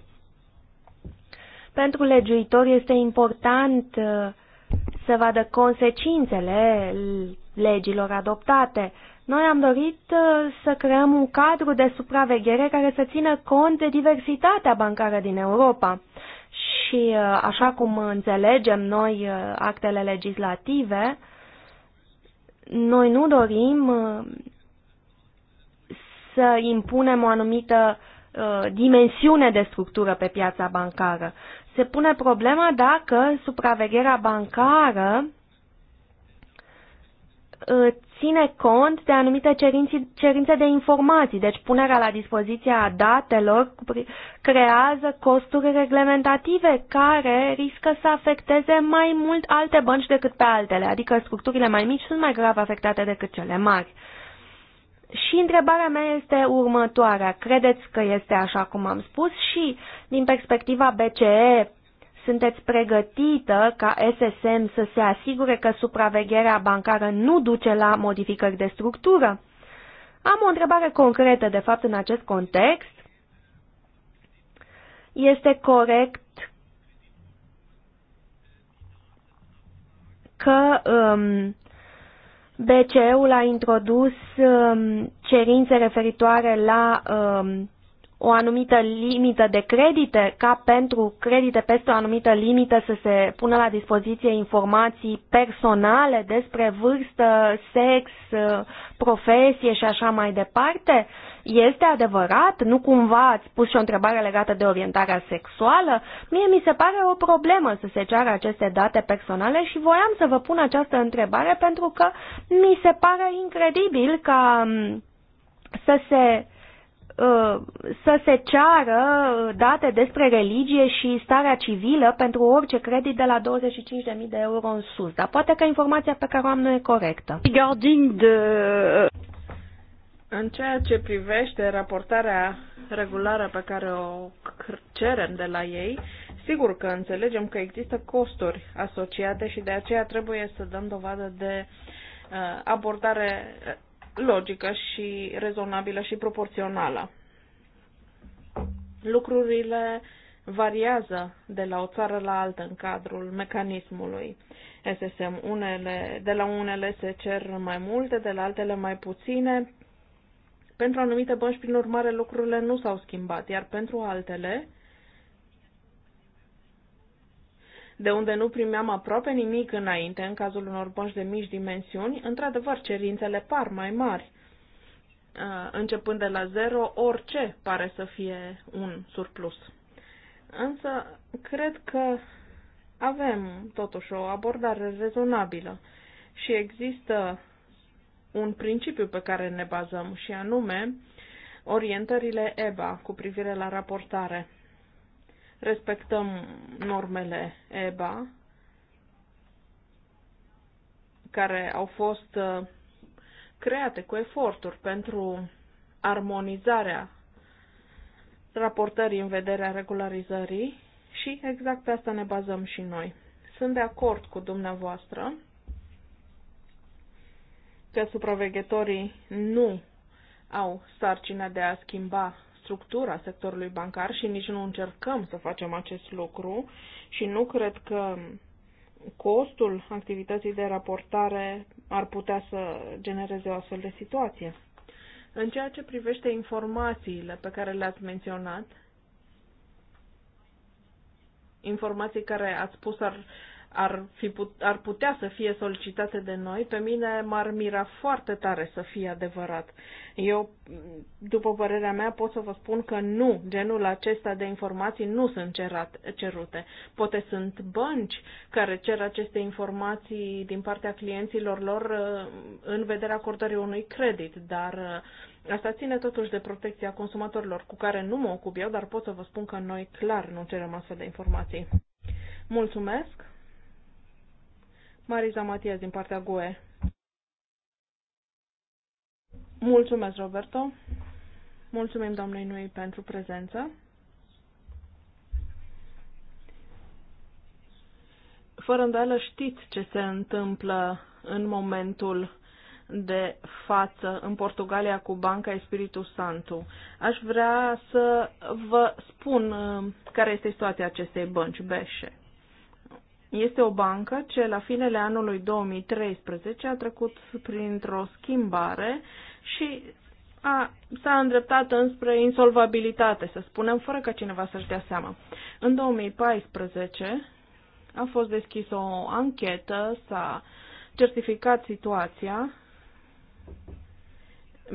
Pentru legiuitor este important uh, să vadă consecințele legilor adoptate noi am dorit uh, să creăm un cadru de supraveghere care să țină cont de diversitatea bancară din Europa. Și uh, așa cum înțelegem noi uh, actele legislative, noi nu dorim să impunem o anumită dimensiune de structură pe piața bancară. Se pune problema dacă supravegherea bancară Uh, ține cont de anumite cerințe, cerințe de informații, deci punerea la dispoziția datelor creează costuri reglementative care riscă să afecteze mai mult alte bănci decât pe altele, adică structurile mai mici sunt mai grav afectate decât cele mari. Și întrebarea mea este următoarea. Credeți că este așa cum am spus și din perspectiva BCE sunteți pregătită ca SSM să se asigure că supravegherea bancară nu duce la modificări de structură? Am o întrebare concretă, de fapt, în acest context. Este corect că um, BCE-ul a introdus um, cerințe referitoare la um, o anumită limită de credite, ca pentru credite peste o anumită limită să se pună la dispoziție informații personale despre vârstă, sex, profesie și așa mai departe? Este adevărat? Nu cumva ați pus și o întrebare legată de orientarea sexuală? Mie mi se pare o problemă să se ceară aceste date personale și voiam să vă pun această întrebare pentru că mi se pare incredibil ca mm, să se Uh, să se ceară date despre religie și starea civilă pentru orice credit de la 25.000 de euro în sus. Dar poate că informația pe care o am nu e corectă. De... În ceea ce privește raportarea regulară pe care o cerem de la ei, sigur că înțelegem că există costuri asociate și de aceea trebuie să dăm dovadă de uh, abordare logică și rezonabilă și proporțională. Lucrurile variază de la o țară la altă în cadrul mecanismului SSM. Unele, de la unele se cer mai multe, de la altele mai puține. Pentru anumite bănci, prin urmare, lucrurile nu s-au schimbat, iar pentru altele, de unde nu primeam aproape nimic înainte, în cazul unor bănci de mici dimensiuni, într-adevăr, cerințele par mai mari. Începând de la zero, orice pare să fie un surplus. Însă, cred că avem totuși o abordare rezonabilă și există un principiu pe care ne bazăm și anume orientările EBA cu privire la raportare respectăm normele EBA, care au fost uh, create cu eforturi pentru armonizarea raportării în vederea regularizării și exact pe asta ne bazăm și noi. Sunt de acord cu dumneavoastră că supraveghetorii nu au sarcina de a schimba structura sectorului bancar și nici nu încercăm să facem acest lucru și nu cred că costul activității de raportare ar putea să genereze o astfel de situație. În ceea ce privește informațiile pe care le-ați menționat, informații care ați spus ar ar, fi put, ar putea să fie solicitate de noi, pe mine m-ar mira foarte tare să fie adevărat. Eu, după părerea mea, pot să vă spun că nu, genul acesta de informații nu sunt cerat, cerute. Poate sunt bănci care cer aceste informații din partea clienților lor uh, în vederea acordării unui credit, dar uh, asta ține totuși de protecția consumatorilor, cu care nu mă ocup eu, dar pot să vă spun că noi clar nu cerem astfel de informații. Mulțumesc! Mariza Matias din partea GUE. Mulțumesc, Roberto. Mulțumim doamnei Nui pentru prezență. Fără îndoială știți ce se întâmplă în momentul de față în Portugalia cu Banca Espiritu Santu. Aș vrea să vă spun uh, care este situația acestei bănci, Beșe. Este o bancă ce la finele anului 2013 a trecut printr-o schimbare și a, s-a îndreptat înspre insolvabilitate, să spunem, fără ca cineva să-și dea seama. În 2014 a fost deschisă o anchetă, s-a certificat situația.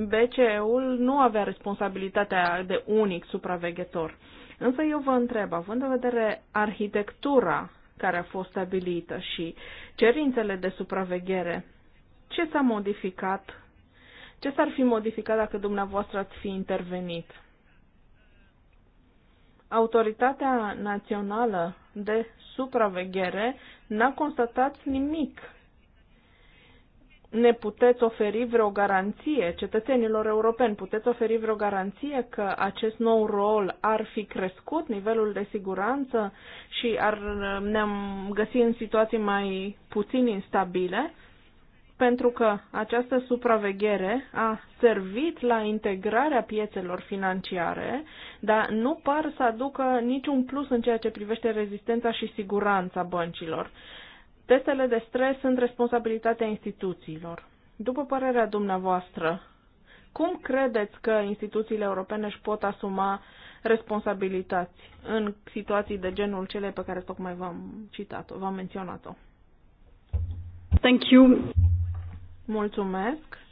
BCE-ul nu avea responsabilitatea de unic supraveghetor. Însă eu vă întreb, având în vedere arhitectura care a fost stabilită și cerințele de supraveghere. Ce s-a modificat? Ce s-ar fi modificat dacă dumneavoastră ați fi intervenit? Autoritatea Națională de Supraveghere n-a constatat nimic ne puteți oferi vreo garanție cetățenilor europeni? Puteți oferi vreo garanție că acest nou rol ar fi crescut nivelul de siguranță și ar, ne-am găsit în situații mai puțin instabile? Pentru că această supraveghere a servit la integrarea piețelor financiare, dar nu par să aducă niciun plus în ceea ce privește rezistența și siguranța băncilor. Testele de stres sunt responsabilitatea instituțiilor. După părerea dumneavoastră, cum credeți că instituțiile europene își pot asuma responsabilități în situații de genul celei pe care tocmai v-am citat-o, v-am menționat-o? Thank you. Mulțumesc.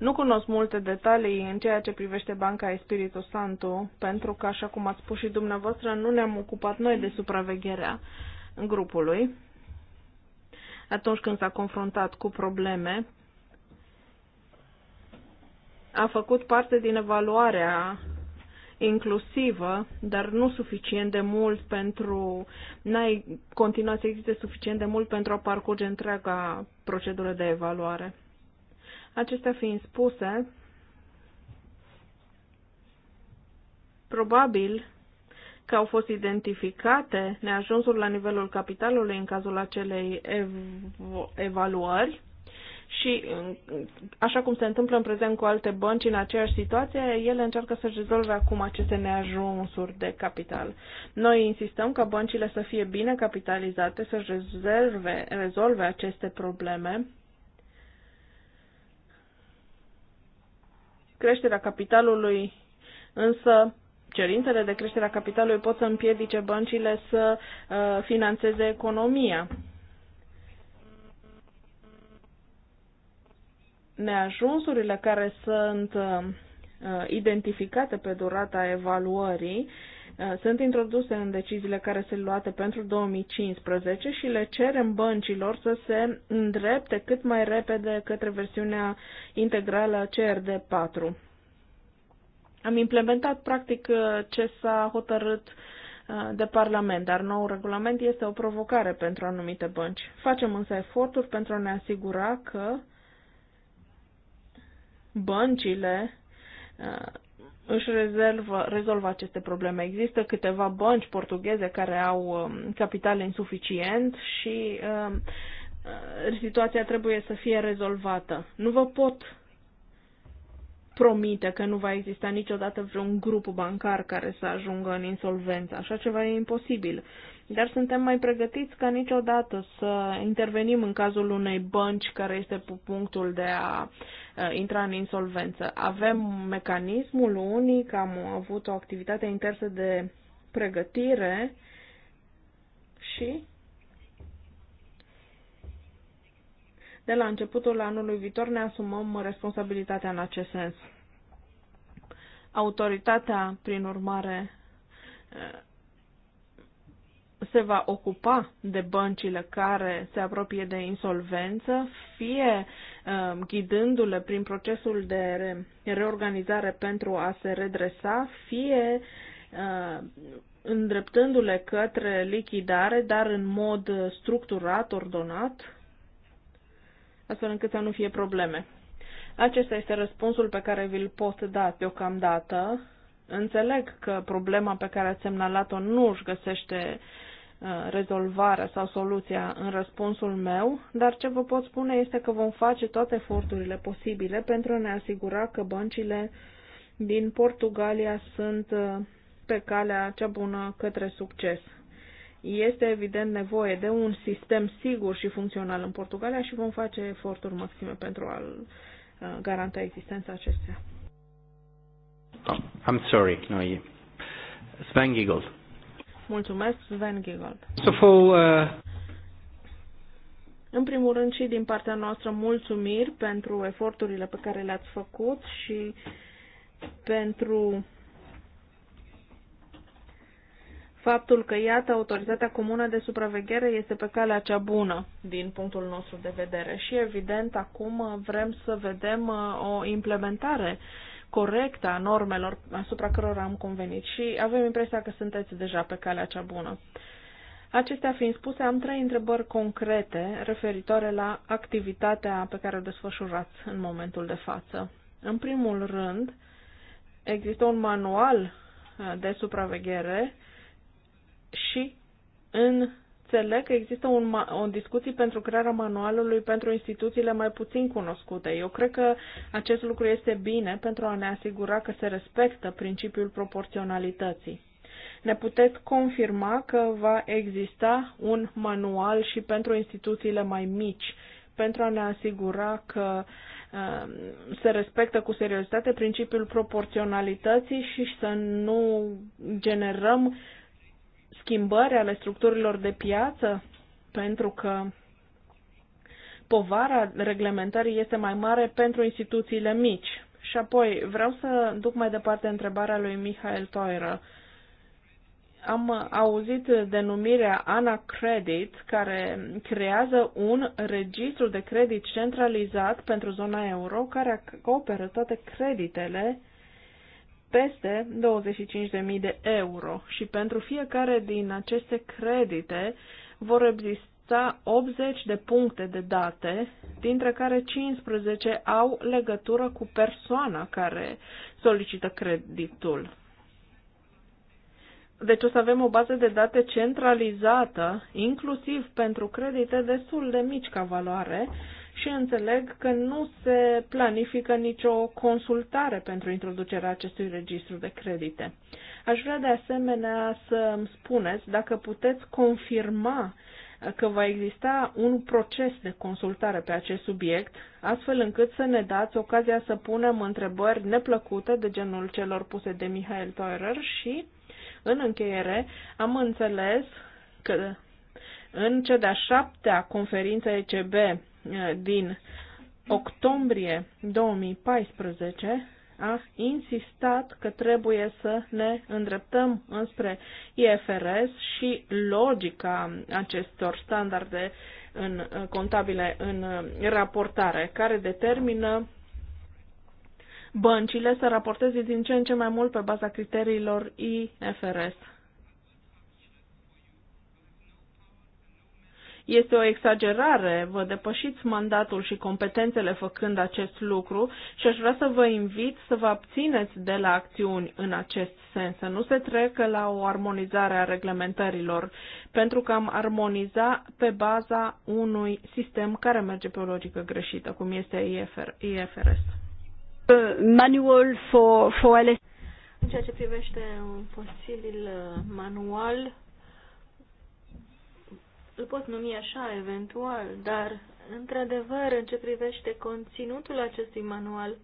Nu cunosc multe detalii în ceea ce privește Banca Espiritu Santo, pentru că, așa cum ați spus și dumneavoastră, nu ne-am ocupat noi de supravegherea grupului atunci când s-a confruntat cu probleme. A făcut parte din evaluarea inclusivă, dar nu suficient de mult pentru, n-ai continuat să existe suficient de mult pentru a parcurge întreaga procedură de evaluare. Acestea fiind spuse, probabil că au fost identificate neajunsuri la nivelul capitalului în cazul acelei ev- evaluări și, așa cum se întâmplă în prezent cu alte bănci în aceeași situație, ele încearcă să rezolve acum aceste neajunsuri de capital. Noi insistăm ca băncile să fie bine capitalizate, să rezerve, rezolve aceste probleme Creșterea capitalului însă cerințele de creștere a capitalului pot să împiedice băncile să uh, financeze economia. Neajunsurile care sunt uh, identificate pe durata evaluării uh, Uh, sunt introduse în deciziile care sunt luate pentru 2015 și le cerem băncilor să se îndrepte cât mai repede către versiunea integrală CRD4. Am implementat practic uh, ce s-a hotărât uh, de Parlament, dar nou regulament este o provocare pentru anumite bănci. Facem însă eforturi pentru a ne asigura că băncile își rezervă, rezolvă aceste probleme. Există câteva bănci portugheze care au um, capital insuficient și um, uh, situația trebuie să fie rezolvată. Nu vă pot promite că nu va exista niciodată vreun grup bancar care să ajungă în insolvență. Așa ceva e imposibil. Dar suntem mai pregătiți ca niciodată să intervenim în cazul unei bănci care este pe punctul de a uh, intra în insolvență. Avem mecanismul unic, am avut o activitate intersă de pregătire și de la începutul anului viitor ne asumăm responsabilitatea în acest sens. Autoritatea, prin urmare, uh, se va ocupa de băncile care se apropie de insolvență, fie uh, ghidându-le prin procesul de reorganizare pentru a se redresa, fie uh, îndreptându-le către lichidare, dar în mod structurat, ordonat, astfel încât să nu fie probleme. Acesta este răspunsul pe care vi-l pot da deocamdată. Înțeleg că problema pe care ați semnalat-o nu își găsește rezolvarea sau soluția în răspunsul meu, dar ce vă pot spune este că vom face toate eforturile posibile pentru a ne asigura că băncile din Portugalia sunt uh, pe calea cea bună către succes. Este evident nevoie de un sistem sigur și funcțional în Portugalia și vom face eforturi maxime pentru a uh, garanta existența acestea. Oh, I'm sorry, no, you. Sven Mulțumesc, Sven Giegold. Uh, În primul rând și din partea noastră mulțumiri pentru eforturile pe care le-ați făcut și pentru faptul că, iată, Autoritatea Comună de Supraveghere este pe calea cea bună din punctul nostru de vedere și, evident, acum vrem să vedem uh, o implementare corectă a normelor asupra cărora am convenit și avem impresia că sunteți deja pe calea cea bună. Acestea fiind spuse, am trei întrebări concrete referitoare la activitatea pe care o desfășurați în momentul de față. În primul rând, există un manual de supraveghere și în Înțeleg că există un, o discuție pentru crearea manualului pentru instituțiile mai puțin cunoscute. Eu cred că acest lucru este bine pentru a ne asigura că se respectă principiul proporționalității. Ne puteți confirma că va exista un manual și pentru instituțiile mai mici, pentru a ne asigura că um, se respectă cu seriozitate principiul proporționalității și să nu generăm schimbări ale structurilor de piață? Pentru că povara reglementării este mai mare pentru instituțiile mici. Și apoi vreau să duc mai departe întrebarea lui Mihail Toiră. Am auzit denumirea ANA Credit, care creează un registru de credit centralizat pentru zona euro, care acoperă toate creditele peste 25.000 de euro și pentru fiecare din aceste credite vor exista 80 de puncte de date, dintre care 15 au legătură cu persoana care solicită creditul. Deci o să avem o bază de date centralizată, inclusiv pentru credite destul de mici ca valoare, și înțeleg că nu se planifică nicio consultare pentru introducerea acestui registru de credite. Aș vrea de asemenea să îmi spuneți dacă puteți confirma că va exista un proces de consultare pe acest subiect, astfel încât să ne dați ocazia să punem întrebări neplăcute de genul celor puse de Mihail Teurer și, în încheiere, am înțeles că în cea de-a șaptea conferință ECB din octombrie 2014 a insistat că trebuie să ne îndreptăm înspre IFRS și logica acestor standarde în, contabile în raportare, care determină băncile să raporteze din ce în ce mai mult pe baza criteriilor IFRS. Este o exagerare, vă depășiți mandatul și competențele făcând acest lucru și aș vrea să vă invit să vă abțineți de la acțiuni în acest sens, să nu se trecă la o armonizare a reglementărilor, pentru că am armoniza pe baza unui sistem care merge pe o logică greșită, cum este IFRS. Uh, manual for, for LS. În ceea ce privește un posibil uh, manual îl pot numi așa, eventual, dar, într-adevăr, în ce privește conținutul acestui manual,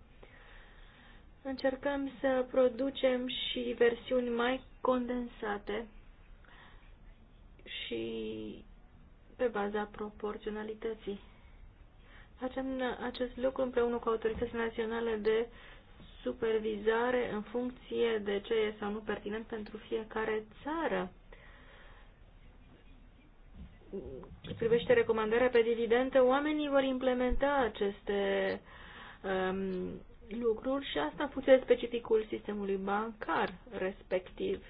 încercăm să producem și versiuni mai condensate și pe baza proporționalității. Facem acest lucru împreună cu autoritățile naționale de supervizare în funcție de ce e sau nu pertinent pentru fiecare țară cât privește recomandarea pe dividendă, oamenii vor implementa aceste um, lucruri și asta în funcție de specificul sistemului bancar respectiv.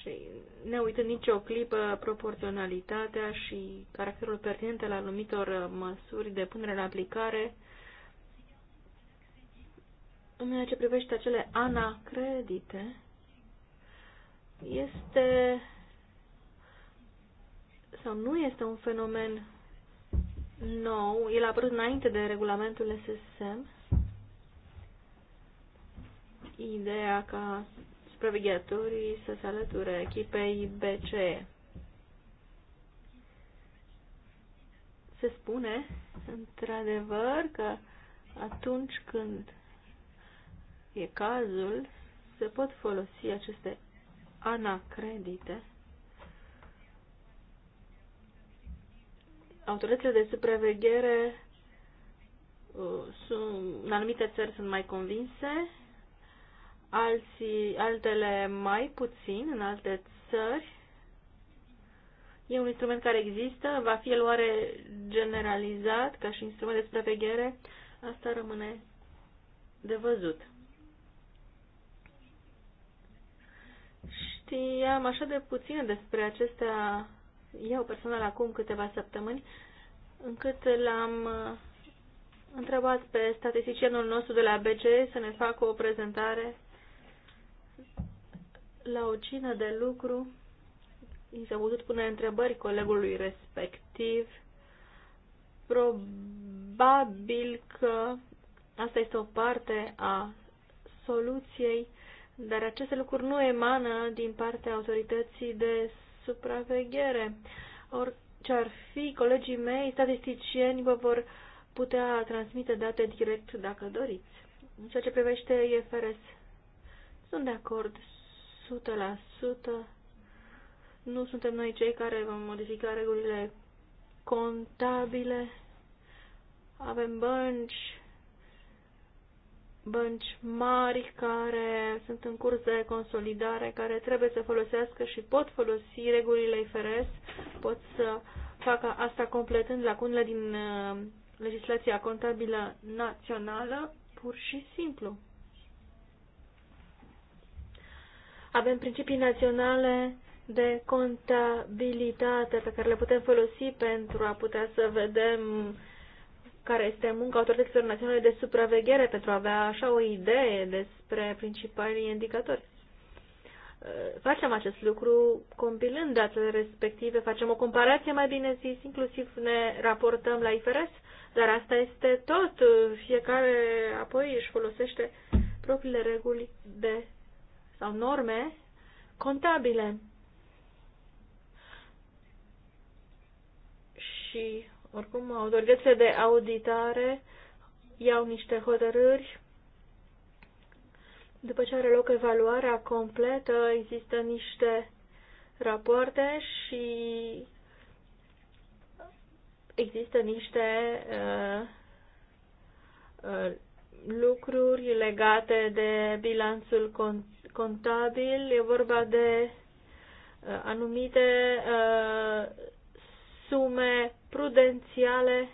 Și ne uitând nici o clipă proporționalitatea și caracterul pertinent al anumitor măsuri de punere în aplicare, în ceea ce privește acele anacredite, este sau nu este un fenomen nou, el a apărut înainte de regulamentul SSM, ideea ca supravegheatorii să se alăture echipei BCE. Se spune, într-adevăr, că atunci când e cazul, se pot folosi aceste anacredite autoritățile de supraveghere uh, sunt, în anumite țări sunt mai convinse, alții, altele mai puțin în alte țări. E un instrument care există, va fi el oare generalizat ca și instrument de supraveghere? Asta rămâne de văzut. Știam așa de puțin despre acestea eu personal acum câteva săptămâni, încât l-am uh, întrebat pe statisticienul nostru de la BCE să ne facă o prezentare la o cină de lucru. I s-a putut pune întrebări colegului respectiv. Probabil că asta este o parte a soluției, dar aceste lucruri nu emană din partea autorității de supraveghere. Orice ar fi, colegii mei, statisticieni, vă vor putea transmite date direct dacă doriți. În ceea ce privește IFRS, sunt de acord 100%. Nu suntem noi cei care vom modifica regulile contabile. Avem bănci, bănci mari care sunt în curs de consolidare, care trebuie să folosească și pot folosi regulile IFRS, pot să facă asta completând lacunele din uh, legislația contabilă națională, pur și simplu. Avem principii naționale de contabilitate pe care le putem folosi pentru a putea să vedem uh, care este munca Autorităților Naționale de Supraveghere pentru a avea așa o idee despre principalii indicatori. Uh, facem acest lucru compilând datele respective, facem o comparație mai bine zis, inclusiv ne raportăm la IFRS, dar asta este tot. Uh, fiecare apoi își folosește propriile reguli de sau norme contabile. Și oricum, autoritățile de auditare iau niște hotărâri. După ce are loc evaluarea completă, există niște rapoarte și există niște uh, uh, lucruri legate de bilanțul contabil. E vorba de uh, anumite uh, sume prudențiale.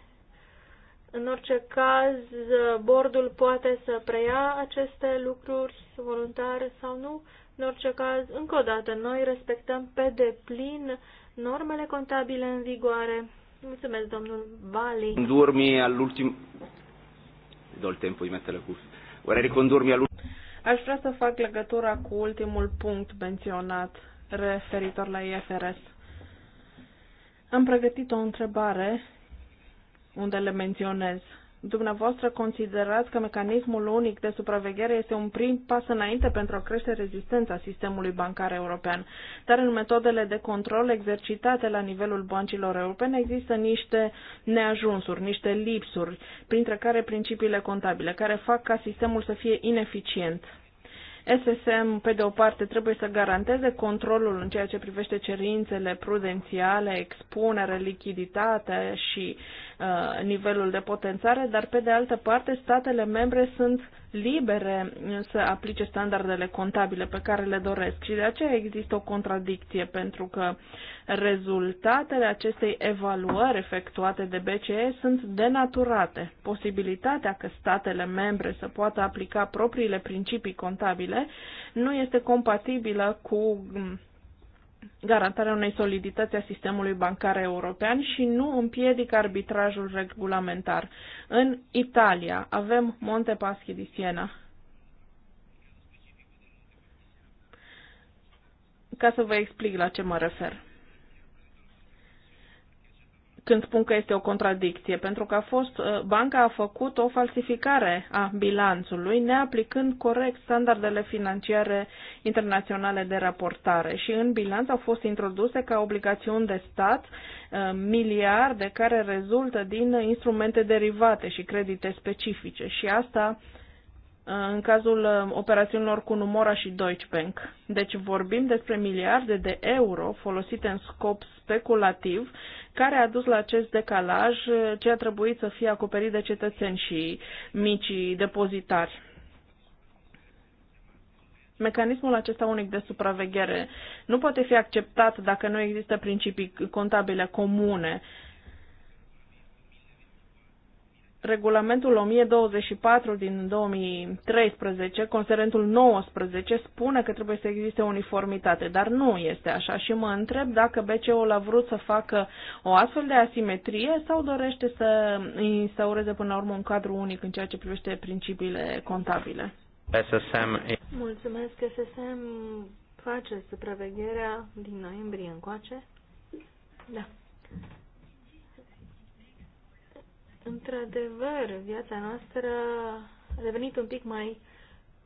În orice caz, bordul poate să preia aceste lucruri voluntare sau nu. În orice caz, încă o dată, noi respectăm pe deplin normele contabile în vigoare. Mulțumesc, domnul Bali. Condurmi all'ultimo... Do il tempo di mettere la cuffia. Vorrei ricondurmi all'ultimo... Aș vrea să fac legătura cu ultimul punct menționat referitor la IFRS. Am pregătit o întrebare unde le menționez. Dumneavoastră considerați că mecanismul unic de supraveghere este un prim pas înainte pentru a crește rezistența sistemului bancar european, dar în metodele de control exercitate la nivelul băncilor europene există niște neajunsuri, niște lipsuri, printre care principiile contabile, care fac ca sistemul să fie ineficient. SSM, pe de o parte, trebuie să garanteze controlul în ceea ce privește cerințele prudențiale, expunere, lichiditate și uh, nivelul de potențare, dar pe de altă parte, statele membre sunt libere să aplice standardele contabile pe care le doresc și de aceea există o contradicție pentru că rezultatele acestei evaluări efectuate de BCE sunt denaturate. Posibilitatea că statele membre să poată aplica propriile principii contabile nu este compatibilă cu garantarea unei solidități a sistemului bancar european și nu împiedică arbitrajul regulamentar. În Italia avem Monte Paschi di Siena. Ca să vă explic la ce mă refer când spun că este o contradicție, pentru că a fost, uh, banca a făcut o falsificare a bilanțului, neaplicând corect standardele financiare internaționale de raportare și în bilanț au fost introduse ca obligațiuni de stat uh, miliarde care rezultă din instrumente derivate și credite specifice și asta uh, în cazul operațiunilor cu Numora și Deutsche Bank. Deci vorbim despre miliarde de euro folosite în scop speculativ care a dus la acest decalaj ce a trebuit să fie acoperit de cetățeni și micii depozitari. Mecanismul acesta unic de supraveghere nu poate fi acceptat dacă nu există principii contabile comune uh, Regulamentul 1024 din 2013, conferentul 19, spune că trebuie să existe uniformitate, dar nu este așa și mă întreb dacă BCE-ul a vrut să facă o astfel de asimetrie sau dorește să instaureze până la urmă un cadru unic în ceea ce privește principiile contabile. SSM. Mulțumesc, SSM face supravegherea din noiembrie încoace. Da într-adevăr, viața noastră a devenit un pic mai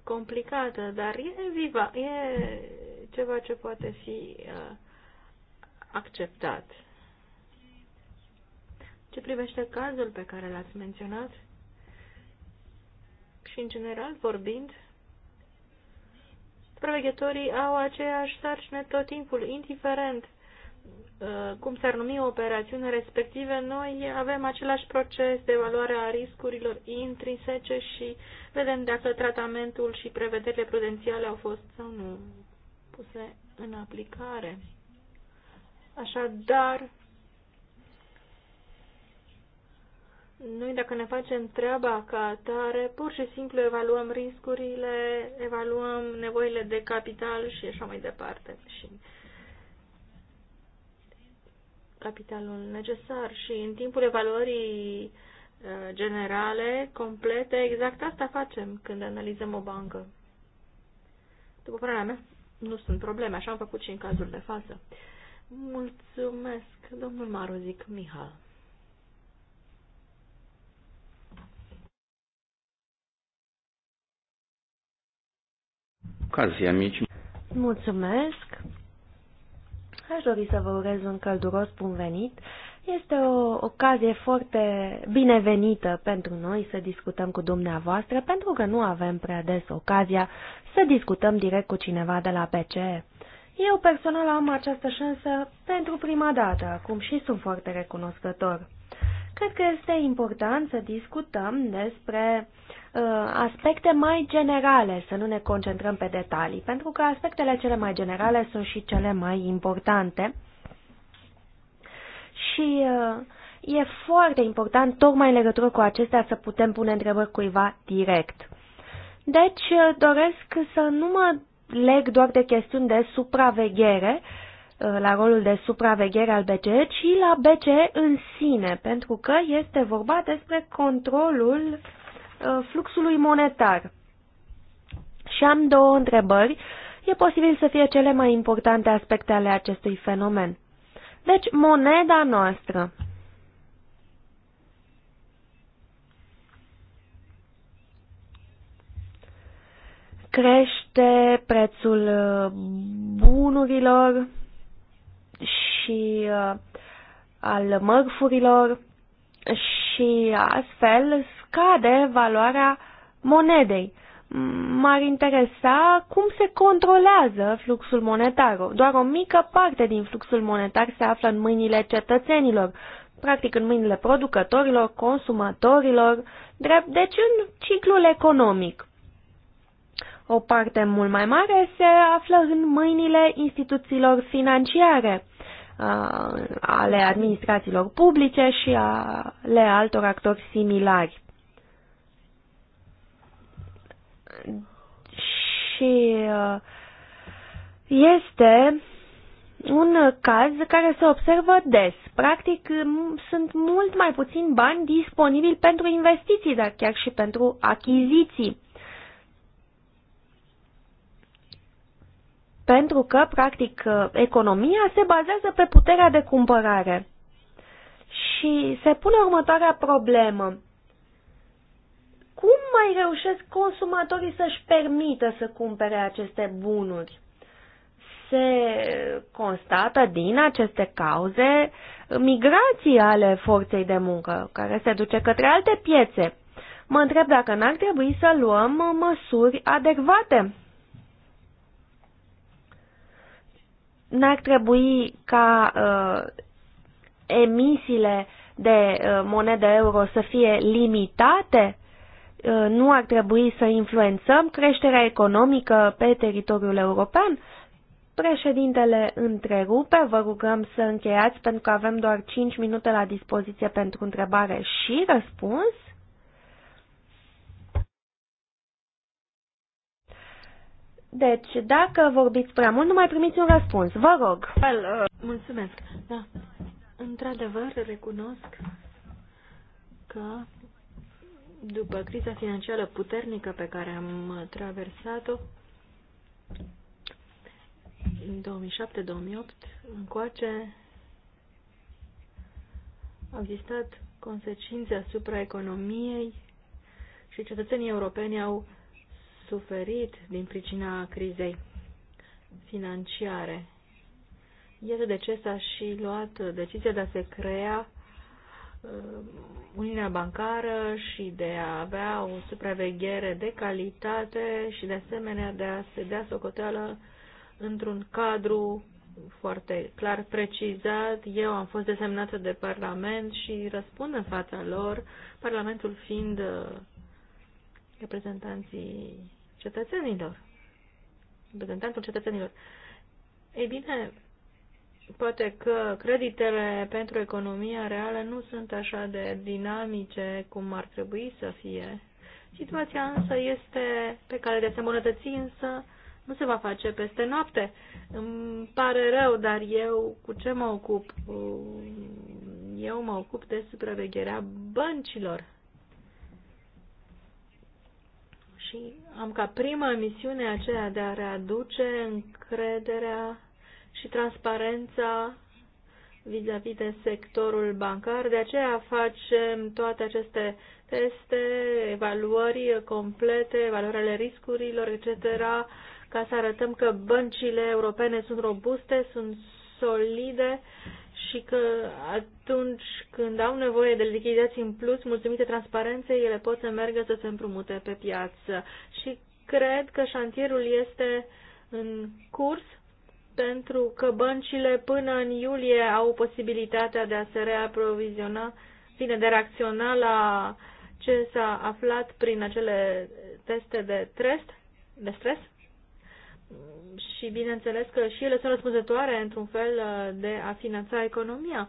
complicată, dar e viva, e ceva ce poate fi uh, acceptat. Ce privește cazul pe care l-ați menționat și, în general, vorbind, supraveghetorii au aceeași sarcină tot timpul, indiferent uh, Uh, cum s-ar numi operațiune respective, noi avem același proces de evaluare a riscurilor intrinsece și vedem dacă tratamentul și prevederile prudențiale au fost sau nu puse în aplicare. Așadar, noi dacă ne facem treaba ca atare, pur și simplu evaluăm riscurile, evaluăm nevoile de capital și așa mai departe. Și capitalul necesar și în timpul evaluării uh, generale, complete, exact asta facem când analizăm o bancă. După părerea mea, nu sunt probleme, așa am făcut și în cazul de față. Mulțumesc, domnul Maruzic Mihal. Ocazia mici. Mulțumesc. Aș dori să vă urez un călduros bun venit. Este o ocazie foarte binevenită pentru noi să discutăm cu dumneavoastră, pentru că nu avem prea des ocazia să discutăm direct cu cineva de la PCE. Eu personal am această șansă pentru prima dată acum și sunt foarte recunoscător. Cred că este important să discutăm despre Uh, aspecte mai generale, să nu ne concentrăm pe detalii, pentru că aspectele cele mai generale sunt și cele mai importante. Și uh, e foarte important, tocmai în legătură cu acestea, să putem pune întrebări cuiva direct. Deci, uh, doresc să nu mă leg doar de chestiuni de supraveghere, la rolul de supraveghere al BCE, ci la BCE în sine, pentru că este vorba despre controlul uh, Uh, fluxului monetar. Și am două întrebări. E posibil să fie cele mai importante aspecte ale acestui fenomen. Deci, moneda noastră. Crește prețul uh, bunurilor și uh, al mărfurilor și astfel scade valoarea monedei. M-ar interesa cum se controlează fluxul monetar. Doar o mică parte din fluxul monetar se află în mâinile cetățenilor, practic în mâinile producătorilor, consumatorilor, drept deci în ciclul economic. O parte mult mai mare se află în mâinile instituțiilor financiare, ale administrațiilor publice și ale altor actori similari. și uh, este un caz care se observă des. Practic, sunt mult mai puțin bani disponibili pentru investiții, dar chiar și pentru achiziții. Pentru că, practic, economia se bazează pe puterea de cumpărare. Și se pune următoarea problemă cum mai reușesc consumatorii să-și permită să cumpere aceste bunuri? Se constată din aceste cauze migrații ale forței de muncă, care se duce către alte piețe. Mă întreb dacă n-ar trebui să luăm măsuri adecvate. N-ar trebui ca uh, emisiile de uh, monedă euro să fie limitate Uh, nu ar trebui să influențăm creșterea economică pe teritoriul european? Președintele întrerupe, vă rugăm să încheiați pentru că avem doar 5 minute la dispoziție pentru întrebare și răspuns. Deci, dacă vorbiți prea mult, nu mai primiți un răspuns. Vă rog. Uh, mulțumesc. Da. Într-adevăr, recunosc că după criza financiară puternică pe care am traversat-o în 2007-2008 încoace, au existat consecințe asupra economiei și cetățenii europeni au suferit din pricina crizei financiare. Iată de ce s-a și luat decizia de a se crea Uh, Uniunea Bancară și de a avea o supraveghere de calitate și de asemenea de a se dea socoteală într-un cadru foarte clar precizat. Eu am fost desemnată de Parlament și răspund în fața lor, Parlamentul fiind uh, reprezentanții cetățenilor, reprezentantul cetățenilor. Ei bine, poate că creditele pentru economia reală nu sunt așa de dinamice cum ar trebui să fie. Situația însă este pe care de a însă nu se va face peste noapte. Îmi pare rău, dar eu cu ce mă ocup? Eu mă ocup de supravegherea băncilor. Și am ca primă misiune aceea de a readuce încrederea și transparența vis-a-vis -vis de sectorul bancar. De aceea facem toate aceste teste, evaluări complete, evaluările riscurilor, etc., ca să arătăm că băncile europene sunt robuste, sunt solide și că atunci când au nevoie de lichidații în plus, mulțumite transparenței, ele pot să meargă să se împrumute pe piață. Și cred că șantierul este în curs pentru că băncile până în iulie au posibilitatea de a se reaproviziona, bine, de reacționa la ce s-a aflat prin acele teste de, trest, de stres. Și bineînțeles că și ele sunt răspunzătoare, într-un fel, de a finanța economia.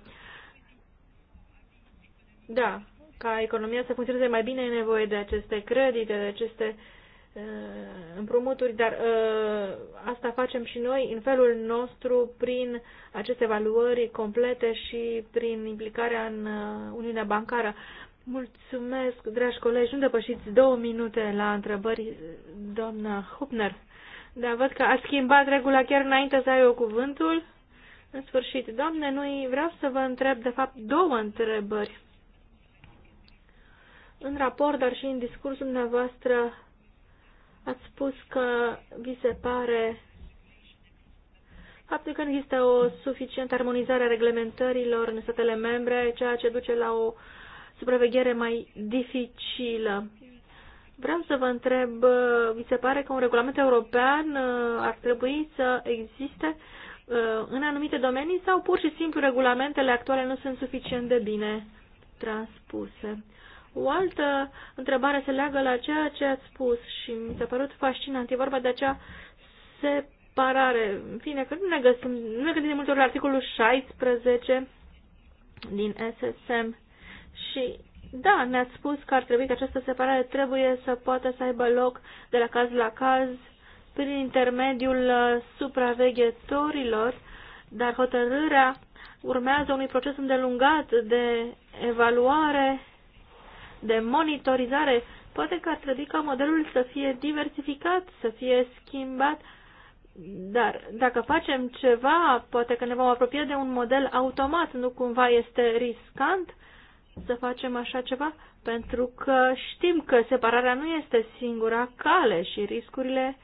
Da, ca economia să funcționeze mai bine e nevoie de aceste credite, de aceste uh, Uh, împrumuturi, dar uh, asta facem și noi în felul nostru prin aceste evaluări complete și prin implicarea în uh, Uniunea Bancară. Mulțumesc, dragi colegi, nu depășiți două minute la întrebări, doamna Hupner. Da, văd că a schimbat regula chiar înainte să ai eu cuvântul. În sfârșit, doamne, noi vreau să vă întreb, de fapt, două întrebări. În raport, dar și în discursul dumneavoastră, Ați spus că vi se pare faptul că nu există o suficientă armonizare a reglementărilor în statele membre, ceea ce duce la o supraveghere mai dificilă. Vreau să vă întreb, vi se pare că un regulament european uh, ar trebui să existe uh, în anumite domenii sau pur și simplu regulamentele actuale nu sunt suficient de bine transpuse? O altă întrebare se leagă la ceea ce ați spus și mi s-a părut fascinant. E vorba de acea separare. În fine, că nu ne, găsim, nu ne gândim de multe ori la articolul 16 din SSM. Și da, ne-ați spus că ar trebui că această separare trebuie să poată să aibă loc de la caz la caz prin intermediul uh, supraveghetorilor, dar hotărârea urmează unui proces îndelungat de evaluare de monitorizare. Poate că ar trebui ca modelul să fie diversificat, să fie schimbat, dar dacă facem ceva, poate că ne vom apropia de un model automat, nu cumva este riscant să facem așa ceva, pentru că știm că separarea nu este singura cale și riscurile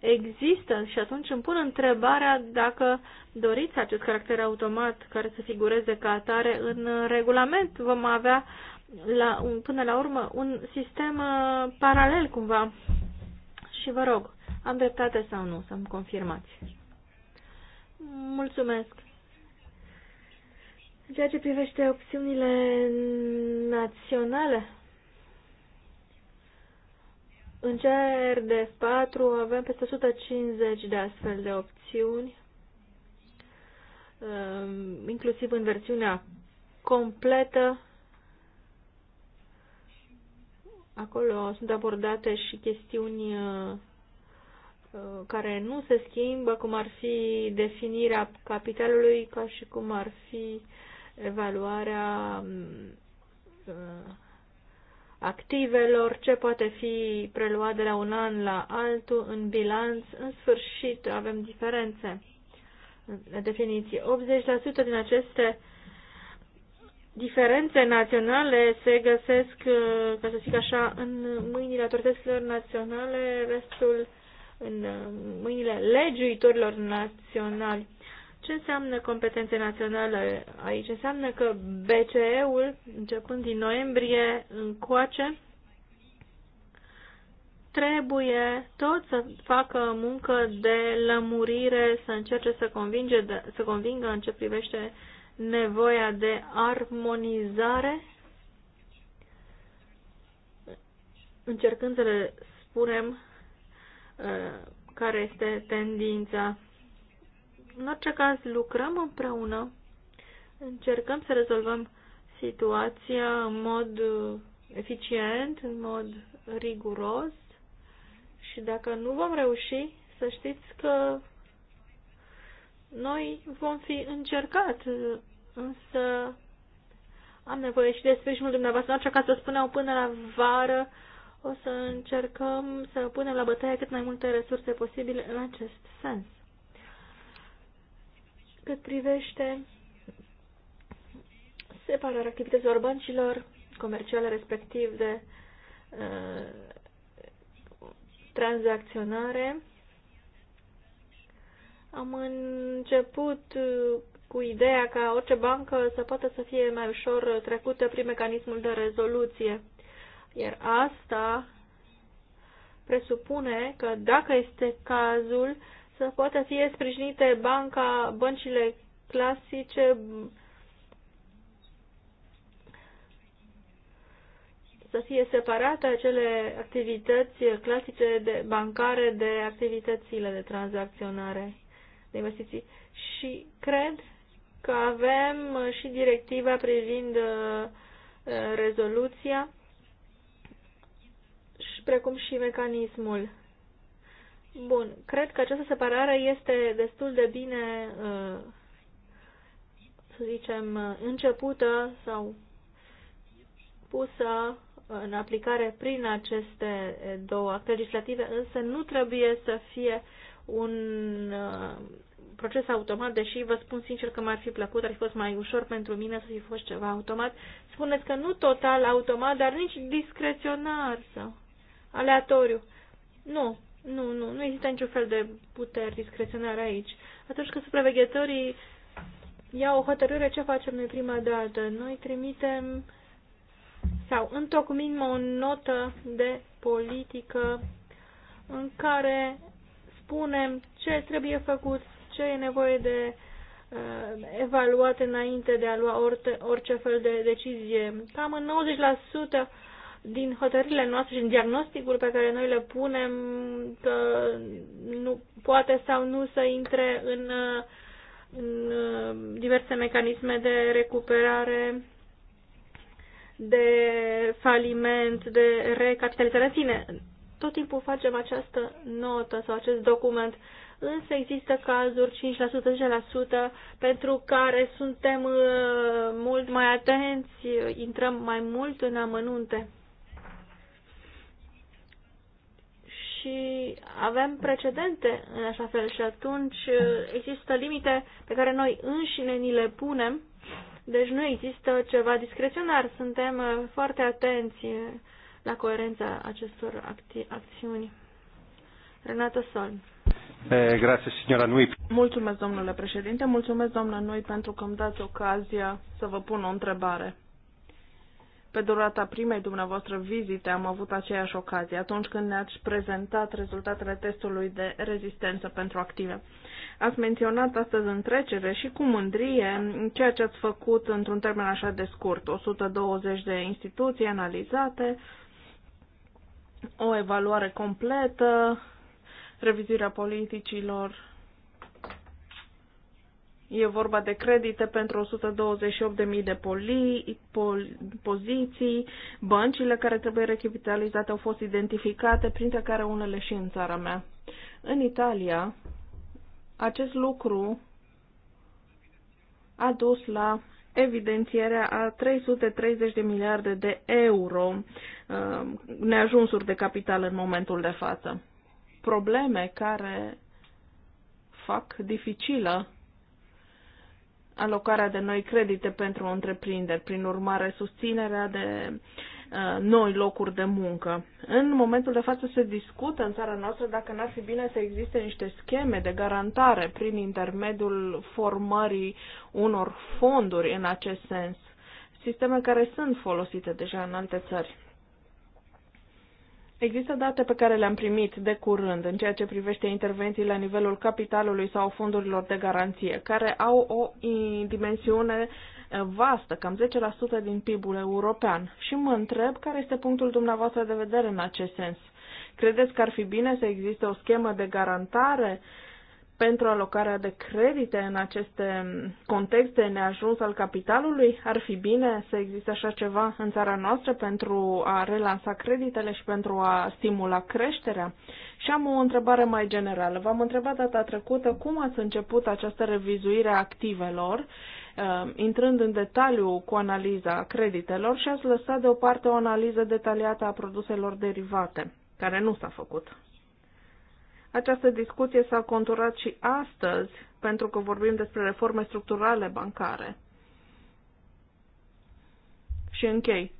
există și atunci îmi pun întrebarea dacă doriți acest caracter automat care să figureze ca atare în regulament. Vom avea la un, până la urmă un sistem uh, paralel cumva. Și vă rog, am dreptate sau nu, să-mi confirmați. Mulțumesc. În ceea ce privește opțiunile naționale, în de 4 avem peste 150 de astfel de opțiuni, um, inclusiv în versiunea completă Acolo sunt abordate și chestiuni uh, uh, care nu se schimbă, cum ar fi definirea capitalului, ca și cum ar fi evaluarea mm, uh, activelor, ce poate fi preluat de la un an la altul în bilanț. În sfârșit, avem diferențe de definiții. 80% din aceste diferențe naționale se găsesc, uh, ca să zic așa, în mâinile autorităților naționale, restul în uh, mâinile legiuitorilor naționali. Ce înseamnă competențe naționale aici? Înseamnă că BCE-ul, începând din noiembrie încoace, trebuie tot să facă muncă de lămurire, să încerce să, convinge, să convingă în ce privește nevoia de armonizare, încercând să le spunem uh, care este tendința. În orice caz, lucrăm împreună, încercăm să rezolvăm situația în mod uh, eficient, în mod riguros și dacă nu vom reuși, să știți că noi vom fi încercat însă am nevoie și de sprijinul dumneavoastră, așa ca să spuneau până la vară, o să încercăm să punem la bătaie cât mai multe resurse posibile în acest sens. Cât privește separarea activităților băncilor comerciale, respectiv de uh, tranzacționare, am început uh, cu ideea ca orice bancă să poată să fie mai ușor trecută prin mecanismul de rezoluție. Iar asta presupune că, dacă este cazul, să poată fi sprijinite banca, băncile clasice, să fie separate acele activități clasice de bancare de activitățile de tranzacționare de investiții. Și cred că avem uh, și directiva privind uh, uh, rezoluția și precum și mecanismul. Bun, cred că această separare este destul de bine, să zicem, începută sau pusă în aplicare prin aceste două acte legislative, însă nu trebuie să fie un proces automat, deși vă spun sincer că m-ar fi plăcut, ar fi fost mai ușor pentru mine să fi fost ceva automat. Spuneți că nu total automat, dar nici discreționar sau aleatoriu. Nu, nu, nu, nu există niciun fel de puteri discreționare aici. Atunci când supraveghetorii iau o hotărâre, ce facem noi prima dată. Noi trimitem sau întocmim o notă de politică în care spunem ce trebuie făcut, ce e nevoie de uh, evaluat înainte de a lua orte, orice fel de decizie. Cam în 90% din hotările noastre și din diagnosticul pe care noi le punem că nu poate sau nu să intre în, uh, în uh, diverse mecanisme de recuperare, de faliment, de recapitalizare. În fine, tot timpul facem această notă sau acest document însă există cazuri 5%-10% pentru care suntem uh, mult mai atenți, intrăm mai mult în amănunte. Și avem precedente în așa fel și atunci uh, există limite pe care noi înșine ni le punem, deci nu există ceva discreționar, suntem uh, foarte atenți la coerența acestor acti- acțiuni. Renata Sol. Eh, mulțumesc, domnule președinte. Mulțumesc, domnule Nui, pentru că îmi dați ocazia să vă pun o întrebare. Pe durata primei dumneavoastră vizite am avut aceeași ocazie, atunci când ne-ați prezentat rezultatele testului de rezistență pentru active. Ați menționat astăzi în trecere și cu mândrie ceea ce ați făcut într-un termen așa de scurt, 120 de instituții analizate, o evaluare completă, revizuirea politicilor. E vorba de credite pentru 128.000 de poli, pol, poziții. Băncile care trebuie recapitalizate au fost identificate, printre care unele și în țara mea. În Italia, acest lucru a dus la evidențierea a 330 de miliarde de euro uh, neajunsuri de capital în momentul de față probleme care fac dificilă alocarea de noi credite pentru întreprinderi, prin urmare susținerea de uh, noi locuri de muncă. În momentul de față se discută în țara noastră dacă n-ar fi bine să existe niște scheme de garantare prin intermediul formării unor fonduri în acest sens, sisteme care sunt folosite deja în alte țări. Există date pe care le-am primit de curând în ceea ce privește intervenții la nivelul capitalului sau fondurilor de garanție, care au o dimensiune eh, vastă, cam 10% din PIB-ul european. Și mă întreb care este punctul dumneavoastră de vedere în acest sens. Credeți că ar fi bine să existe o schemă de garantare uh, pentru alocarea de credite în aceste contexte neajuns al capitalului? Ar fi bine să existe așa ceva în țara noastră pentru a relansa creditele și pentru a stimula creșterea? Și am o întrebare mai generală. V-am întrebat data trecută cum ați început această revizuire a activelor, uh, intrând în detaliu cu analiza creditelor și ați lăsat deoparte o analiză detaliată a produselor derivate, care nu s-a făcut. Această discuție s-a conturat și astăzi, pentru că vorbim despre reforme structurale bancare. Și închei.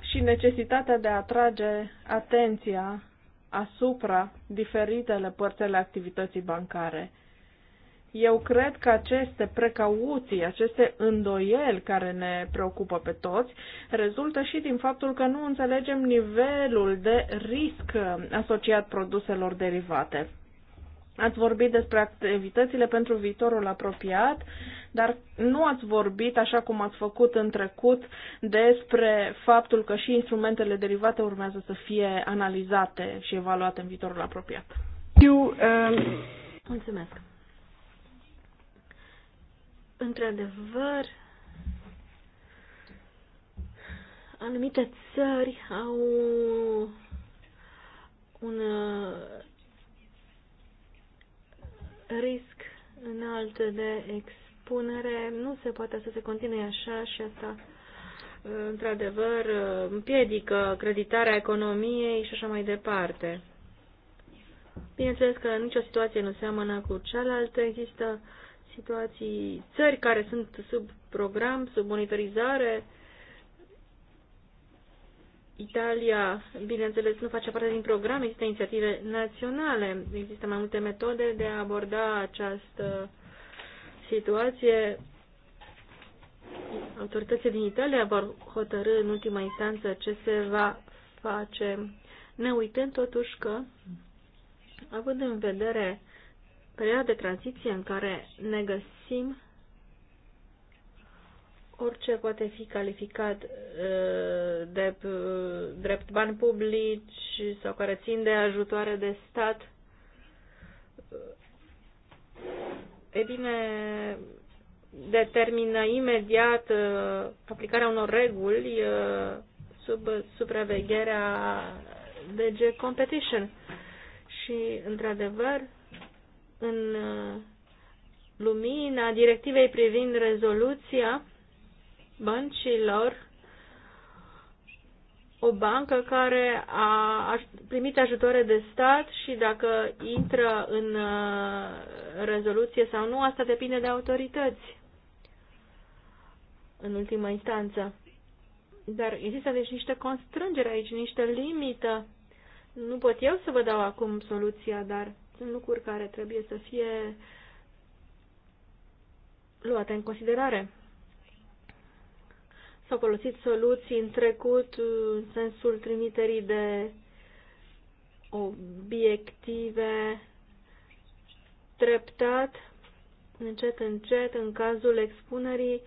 Și necesitatea de a atrage atenția asupra diferitele ale activității bancare eu cred că aceste precauții, aceste îndoieli care ne preocupă pe toți, rezultă și din faptul că nu înțelegem nivelul de risc asociat produselor derivate. Ați vorbit despre activitățile pentru viitorul apropiat, dar nu ați vorbit, așa cum ați făcut în trecut, despre faptul că și instrumentele derivate urmează să fie analizate și evaluate în viitorul apropiat. Eu, um... Mulțumesc într-adevăr, anumite țări au un uh, risc înalt de expunere. Nu se poate să se continue așa și asta uh, într-adevăr uh, împiedică creditarea economiei și așa mai departe. Bineînțeles că nicio situație nu seamănă cu cealaltă. Există situații, țări care sunt sub program, sub monitorizare. Italia, bineînțeles, nu face parte din program, există inițiative naționale, există mai multe metode de a aborda această situație. Autoritățile din Italia vor hotărâ în ultima instanță ce se va face, ne uitând totuși că, având în vedere perioada de tranziție în care ne găsim, orice poate fi calificat uh, de uh, drept bani publici sau care țin de ajutoare de stat, uh, e bine, determină imediat aplicarea unor reguli sub supravegherea DG Competition. Și, într-adevăr, în uh, lumina directivei privind rezoluția băncilor, o bancă care a primit ajutoare de stat și dacă intră în uh, rezoluție sau nu, asta depinde de autorități în ultima instanță. Dar există deci niște constrângeri aici, niște limită. Nu pot eu să vă dau acum soluția, dar sunt lucruri care trebuie să fie luate în considerare. S-au folosit soluții în trecut în sensul trimiterii de obiective treptat, încet, încet, în cazul expunerii.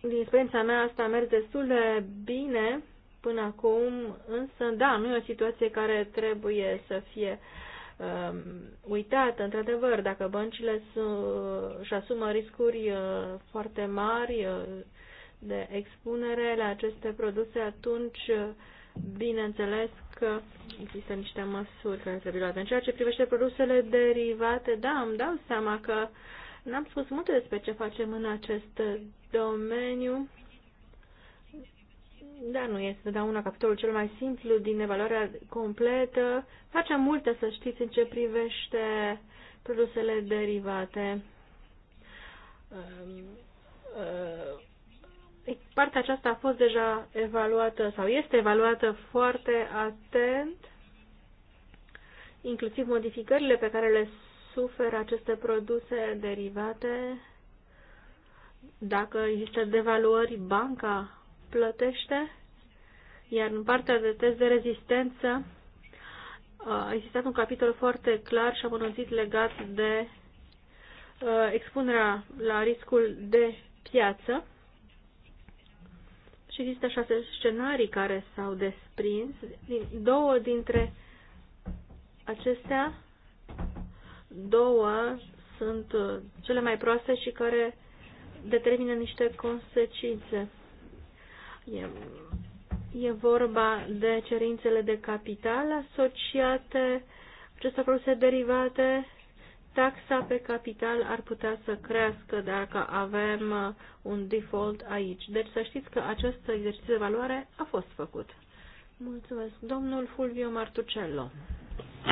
Din experiența mea asta a mers destul de bine până acum, însă, da, nu e o situație care trebuie să fie uh, Um, uitat, într-adevăr, dacă băncile își asumă riscuri uh, foarte mari uh, de expunere la aceste produse, atunci, uh, bineînțeles că există niște măsuri care trebuie luate. În ceea ce privește produsele derivate, da, îmi dau seama că n-am spus multe despre ce facem în acest domeniu. Da, nu este da una capitolul cel mai simplu din evaluarea completă. Facem multe, să știți, în ce privește produsele derivate. Um, uh, partea aceasta a fost deja evaluată sau este evaluată foarte atent, inclusiv modificările pe care le suferă aceste produse derivate. Dacă există devaluări, banca plătește, iar în partea de test de rezistență a existat un capitol foarte clar și amănunțit legat de expunerea la riscul de piață și există șase scenarii care s-au desprins. Două dintre acestea, două sunt cele mai proaste și care determină niște consecințe. E, e vorba de cerințele de capital asociate acestor produse derivate. Taxa pe capital ar putea să crească dacă avem uh, un default aici. Deci să știți că acest exercițiu de valoare a fost făcut. Mulțumesc. Domnul Fulvio Martucello.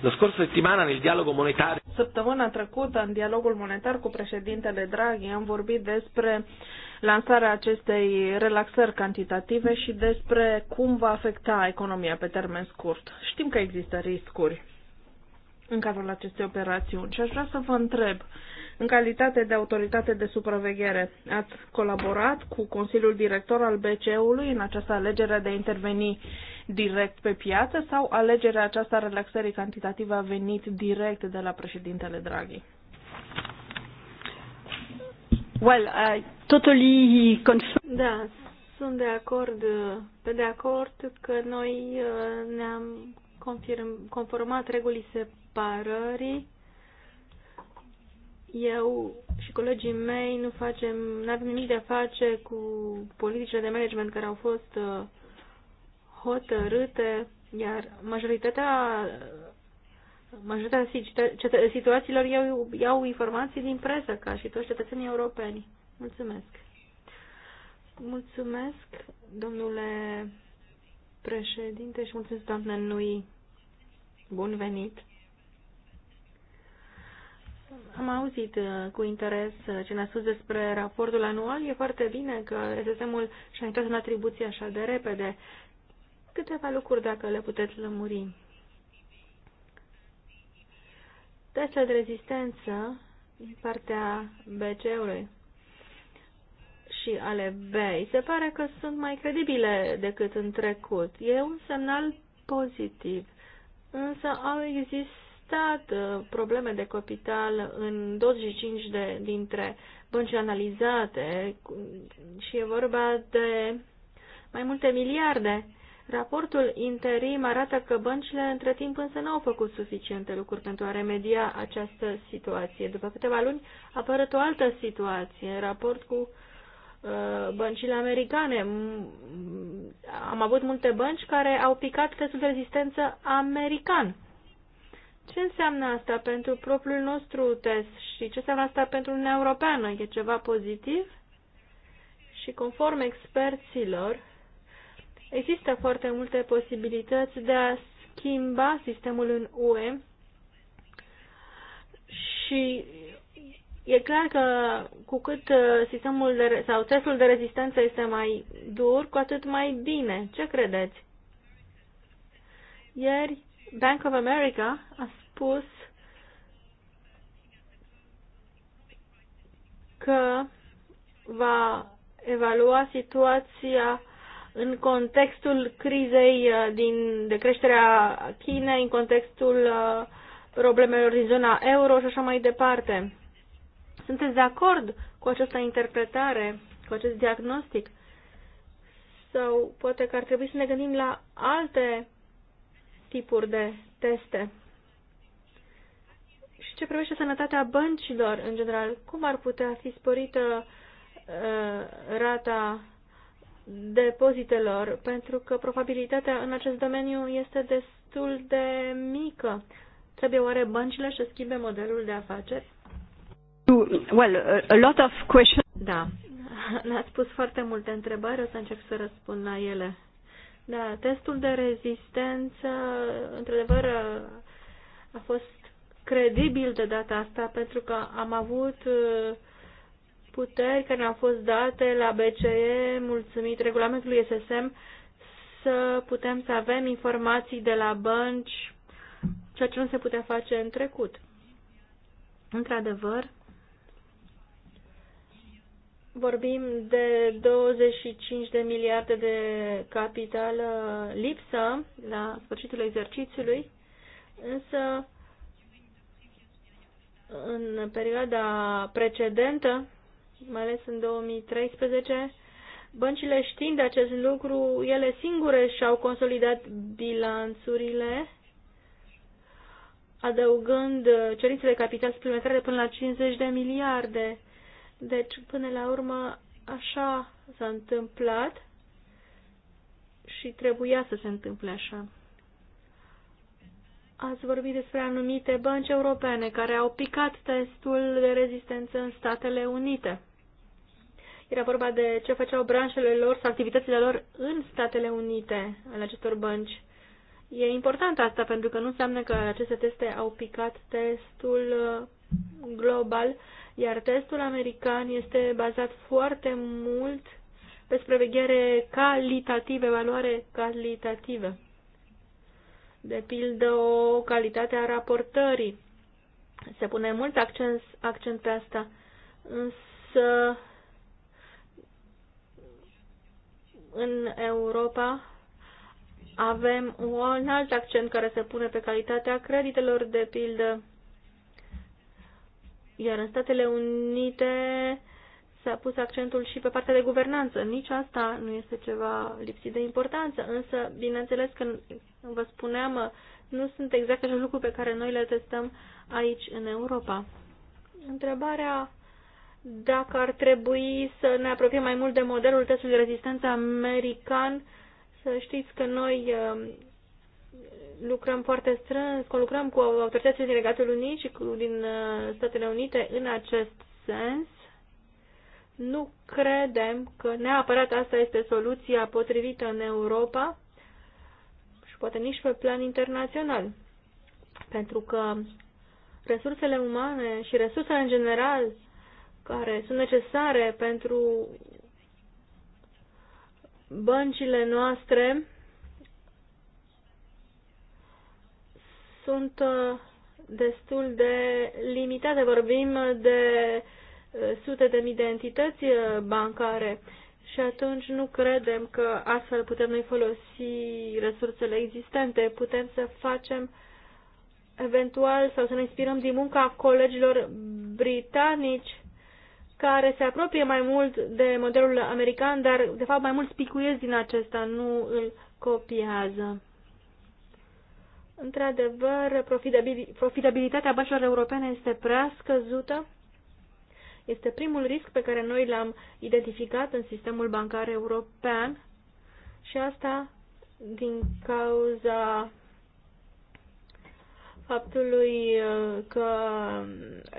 La scorsa settimana nel dialogo monetar. Săptămâna trecută, în dialogul monetar cu președintele Draghi, am vorbit despre lansarea acestei relaxări cantitative și despre cum va afecta economia pe termen scurt. Știm că există riscuri în cadrul acestei operațiuni și aș vrea să vă întreb, în calitate de autoritate de supraveghere, ați colaborat cu Consiliul Director al BCE-ului în această alegere de a interveni direct pe piață sau alegerea aceasta a relaxării cantitative a venit direct de la președintele Draghi? Well, I totally confirm. Da, sunt de acord, pe de acord că noi uh, ne-am conformat regulii separării. Eu și colegii mei nu facem, nu avem nimic de a face cu politicile de management care au fost uh, hotărâte, iar majoritatea majoritatea situațiilor iau, iau informații din presă, ca și toți cetățenii europeni. Mulțumesc. Mulțumesc, domnule președinte, și mulțumesc, doamnă Nui. Bun venit. Am auzit uh, cu interes uh, ce ne-a spus despre raportul anual. E foarte bine că SSM-ul și-a intrat în atribuție așa de repede câteva lucruri dacă le puteți lămuri. Testul de rezistență din partea BC-ului și ale B se pare că sunt mai credibile decât în trecut. E un semnal pozitiv, însă au existat uh, probleme de capital în 25 de, dintre bănci analizate și e vorba de mai multe miliarde Raportul interim arată că băncile între timp însă nu au făcut suficiente lucruri pentru a remedia această situație. După câteva luni a apărut o altă situație în raport cu uh, băncile americane. Am avut multe bănci care au picat testul de rezistență american. Ce înseamnă asta pentru propriul nostru test și ce înseamnă asta pentru Uniunea Europeană? E ceva pozitiv? Și conform experților, Există foarte multe posibilități de a schimba sistemul în UE și e clar că cu cât uh, sistemul de, sau testul de rezistență este mai dur, cu atât mai bine. Ce credeți? Ieri Bank of America a spus că va evalua situația în contextul crizei uh, din, de creșterea Chinei, în contextul uh, problemelor din zona euro și așa mai departe. Sunteți de acord cu această interpretare, cu acest diagnostic? Sau poate că ar trebui să ne gândim la alte tipuri de teste? Și ce privește sănătatea băncilor, în general, cum ar putea fi sporită uh, rata depozitelor, pentru că probabilitatea în acest domeniu este destul de mică. Trebuie oare băncile să schimbe modelul de afaceri? Well, a lot of questions. Da, ne-ați pus foarte multe întrebări, o să încerc să răspund la ele. Da, testul de rezistență, într-adevăr, a fost credibil de data asta, pentru că am avut uh, puteri care ne-au fost date la BCE, mulțumit regulamentului SSM, să putem să avem informații de la bănci, ceea ce nu se putea face în trecut. Într-adevăr, vorbim de 25 de miliarde de capital lipsă la sfârșitul exercițiului, însă în perioada precedentă mai ales în 2013. Băncile știind acest lucru, ele singure și-au consolidat bilanțurile, adăugând uh, cerințele capital suplimentare până la 50 de miliarde. Deci, până la urmă, așa s-a întâmplat și trebuia să se întâmple așa. Ați vorbit despre anumite bănci europene care au picat testul de rezistență în Statele Unite. Era vorba de ce făceau branșele lor sau activitățile lor în Statele Unite, în acestor bănci. E important asta pentru că nu înseamnă că aceste teste au picat testul uh, global, iar testul american este bazat foarte mult pe supraveghere calitativă, evaluare calitativă. De pildă, o calitate a raportării. Se pune mult accent, accent pe asta, însă în Europa avem un alt accent care se pune pe calitatea creditelor, de pildă. Iar în Statele Unite s-a pus accentul și pe partea de guvernanță. Nici asta nu este ceva lipsit de importanță, însă, bineînțeles că, vă spuneam, nu sunt exact acele lucruri pe care noi le testăm aici, în Europa. Întrebarea dacă ar trebui să ne apropiem mai mult de modelul testului de rezistență american, să știți că noi um, lucrăm foarte strâns, lucrăm cu autoritățile din Regatul Unit și cu, din uh, Statele Unite în acest sens. Nu credem că neapărat asta este soluția potrivită în Europa și poate nici pe plan internațional. Pentru că resursele umane și resursele în general care sunt necesare pentru băncile noastre sunt uh, destul de limitate. Vorbim de uh, sute de mii de entități uh, bancare și atunci nu credem că astfel putem noi folosi resursele existente. Putem să facem eventual sau să ne inspirăm din munca colegilor britanici care se apropie mai mult de modelul american, dar de fapt mai mult spicuiesc din acesta, nu îl copiază. Într-adevăr, profitabilitatea băncilor europene este prea scăzută. Este primul risc pe care noi l-am identificat în sistemul bancar european și asta din cauza faptului uh, că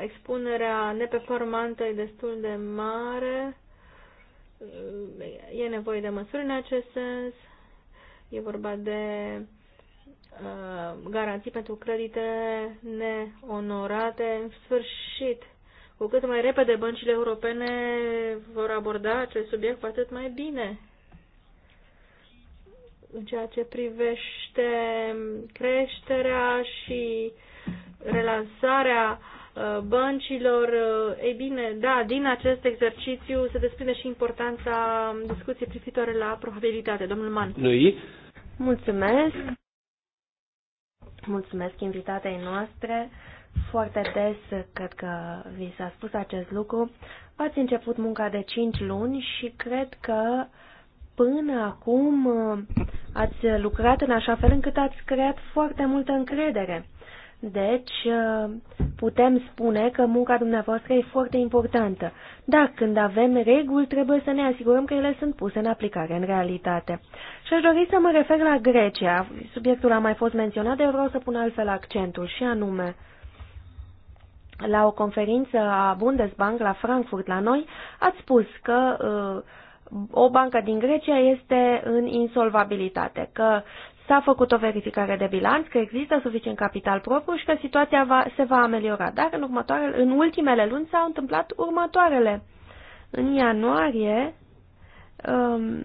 expunerea neperformantă e destul de mare, uh, e nevoie de măsuri în acest sens, e vorba de uh, garanții pentru credite neonorate. În sfârșit, cu cât mai repede băncile europene vor aborda acest subiect, cu atât mai bine în ceea ce privește creșterea și relansarea uh, băncilor. Uh, ei bine, da, din acest exercițiu se desprinde și importanța discuției privitoare la probabilitate. Domnul Man. Noi. Mulțumesc. Mulțumesc invitatei noastre. Foarte des, cred că vi s-a spus acest lucru, ați început munca de 5 luni și cred că uh, până acum uh, ați lucrat în așa fel încât ați creat foarte multă încredere. Deci, uh, putem spune că munca dumneavoastră e foarte importantă, dar când avem reguli, trebuie să ne asigurăm că ele sunt puse în aplicare în realitate. Și aș dori să mă refer la Grecia. Subiectul a mai fost menționat, eu vreau să pun altfel accentul, și anume, la o conferință a Bundesbank la Frankfurt la noi, ați spus că uh, o bancă din Grecia este în insolvabilitate, că s-a făcut o verificare de bilanț, că există suficient capital propriu și că situația va, se va ameliora. Dar în, următoarele, în ultimele luni s-au întâmplat următoarele. În ianuarie, um,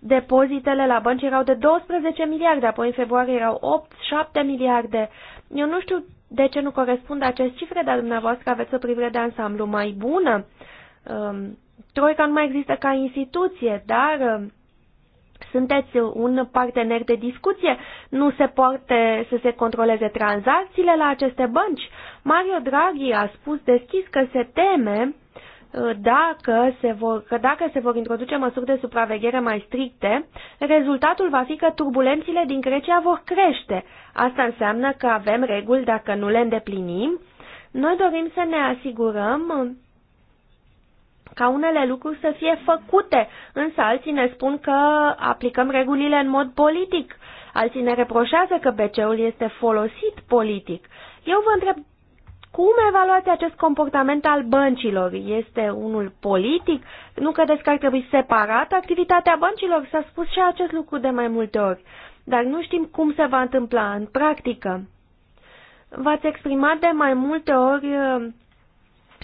depozitele la bănci erau de 12 miliarde, apoi în februarie erau 8-7 miliarde. Eu nu știu de ce nu corespund aceste cifre, dar dumneavoastră aveți o privire de ansamblu mai bună. Um, Troica nu mai există ca instituție, dar um, sunteți un partener de discuție, nu se poate să se controleze tranzacțiile la aceste bănci. Mario Draghi a spus deschis că se teme uh, dacă se vor, că dacă se vor introduce măsuri de supraveghere mai stricte, rezultatul va fi că turbulențile din Grecia vor crește. Asta înseamnă că avem reguli dacă nu le îndeplinim. Noi dorim să ne asigurăm um, ca unele lucruri să fie făcute, însă alții ne spun că aplicăm regulile în mod politic. Alții ne reproșează că BC-ul este folosit politic. Eu vă întreb, cum evaluați acest comportament al băncilor? Este unul politic? Nu credeți că ar trebui separat activitatea băncilor? S-a spus și acest lucru de mai multe ori, dar nu știm cum se va întâmpla în practică. V-ați exprimat de mai multe ori uh,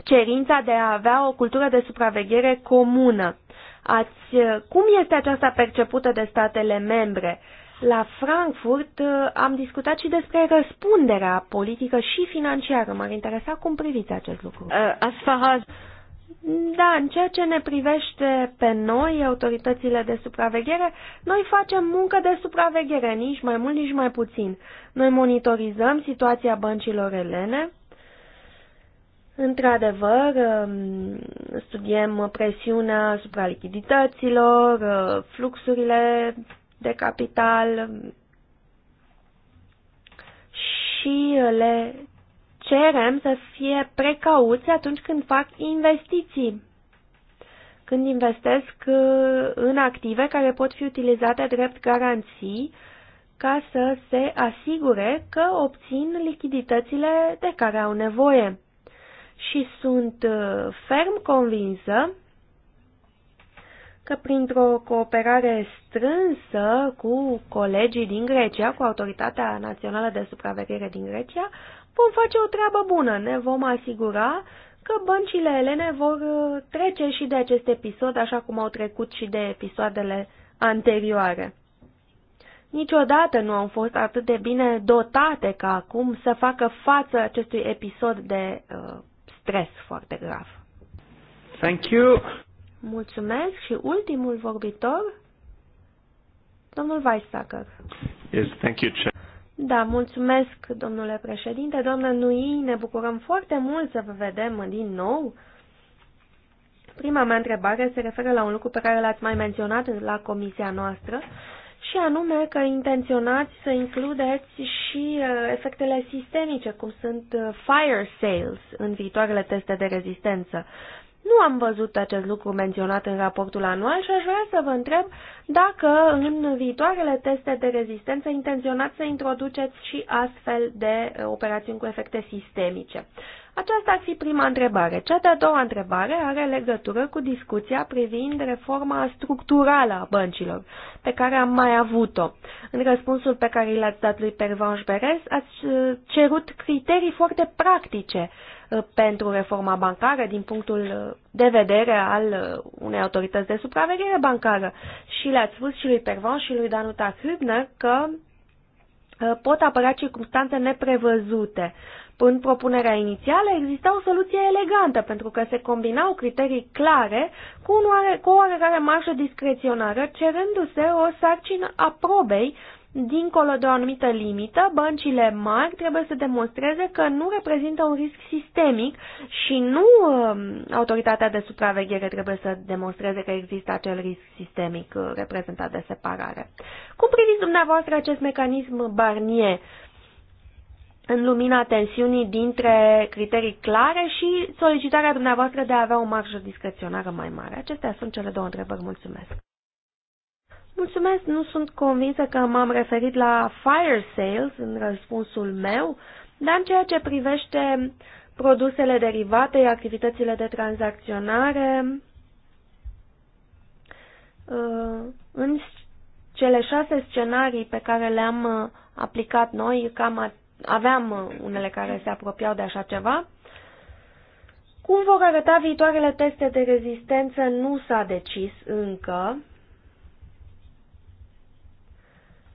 cerința de a avea o cultură de supraveghere comună. Ați, cum este aceasta percepută de statele membre? La Frankfurt uh, am discutat și despre răspunderea politică și financiară. M-ar interesa cum priviți acest lucru. Uh, as Da, în ceea ce ne privește pe noi, autoritățile de supraveghere, noi facem muncă de supraveghere, nici mai mult, nici mai puțin. Noi monitorizăm situația băncilor elene, Într-adevăr, um, studiem presiunea asupra lichidităților, uh, fluxurile de capital um, și le cerem să fie precauți atunci când fac investiții, când investesc uh, în active care pot fi utilizate drept garanții ca să se asigure că obțin lichiditățile de care au nevoie și sunt uh, ferm convinsă că printr-o cooperare strânsă cu colegii din Grecia, cu Autoritatea Națională de Supraveghere din Grecia, vom face o treabă bună. Ne vom asigura că băncile elene vor uh, trece și de acest episod, așa cum au trecut și de episoadele anterioare. Niciodată nu am fost atât de bine dotate ca acum să facă față acestui episod de uh, stres foarte grav. Thank you. Mulțumesc și ultimul vorbitor, domnul Weissacker. Yes, thank you, Chair. Da, mulțumesc, domnule președinte. Doamna Nui, ne bucurăm foarte mult să vă vedem din nou. Prima mea întrebare se referă la un lucru pe care l-ați mai menționat la comisia noastră, și anume că intenționați să includeți și uh, efectele sistemice, cum sunt uh, fire sales în viitoarele teste de rezistență. Nu am văzut acest lucru menționat în raportul anual și aș vrea să vă întreb dacă în viitoarele teste de rezistență intenționați să introduceți și astfel de uh, operațiuni cu efecte sistemice. Aceasta ar fi prima întrebare. Cea de-a doua întrebare are legătură cu discuția privind reforma structurală a băncilor, pe care am mai avut-o. În răspunsul pe care l-ați dat lui Pervanș Beres, ați uh, cerut criterii foarte practice Uh, pentru reforma bancară din punctul uh, de vedere al uh, unei autorități de supraveghere bancară. Și le-ați spus și lui Pervan și lui Danuta Hübner că pot apărea circunstanțe neprevăzute. În propunerea inițială exista o soluție elegantă, pentru că se combinau criterii clare cu, un oare, cu o oarecare marjă discreționară, cerându-se o sarcină a probei dincolo de o anumită limită, băncile mari trebuie să demonstreze că nu reprezintă un risc sistemic și nu um, autoritatea de supraveghere trebuie să demonstreze că există acel risc sistemic uh, reprezentat de separare. Cum priviți dumneavoastră acest mecanism Barnier? în lumina tensiunii dintre criterii clare și solicitarea dumneavoastră de a avea o marjă discreționară mai mare. Acestea sunt cele două întrebări. Mulțumesc! Mulțumesc, nu sunt convinsă că m-am referit la fire sales în răspunsul meu, dar în ceea ce privește produsele derivate, activitățile de tranzacționare, uh, în cele șase scenarii pe care le-am uh, aplicat noi, cam aveam uh, unele care se apropiau de așa ceva, cum vor arăta viitoarele teste de rezistență nu s-a decis încă,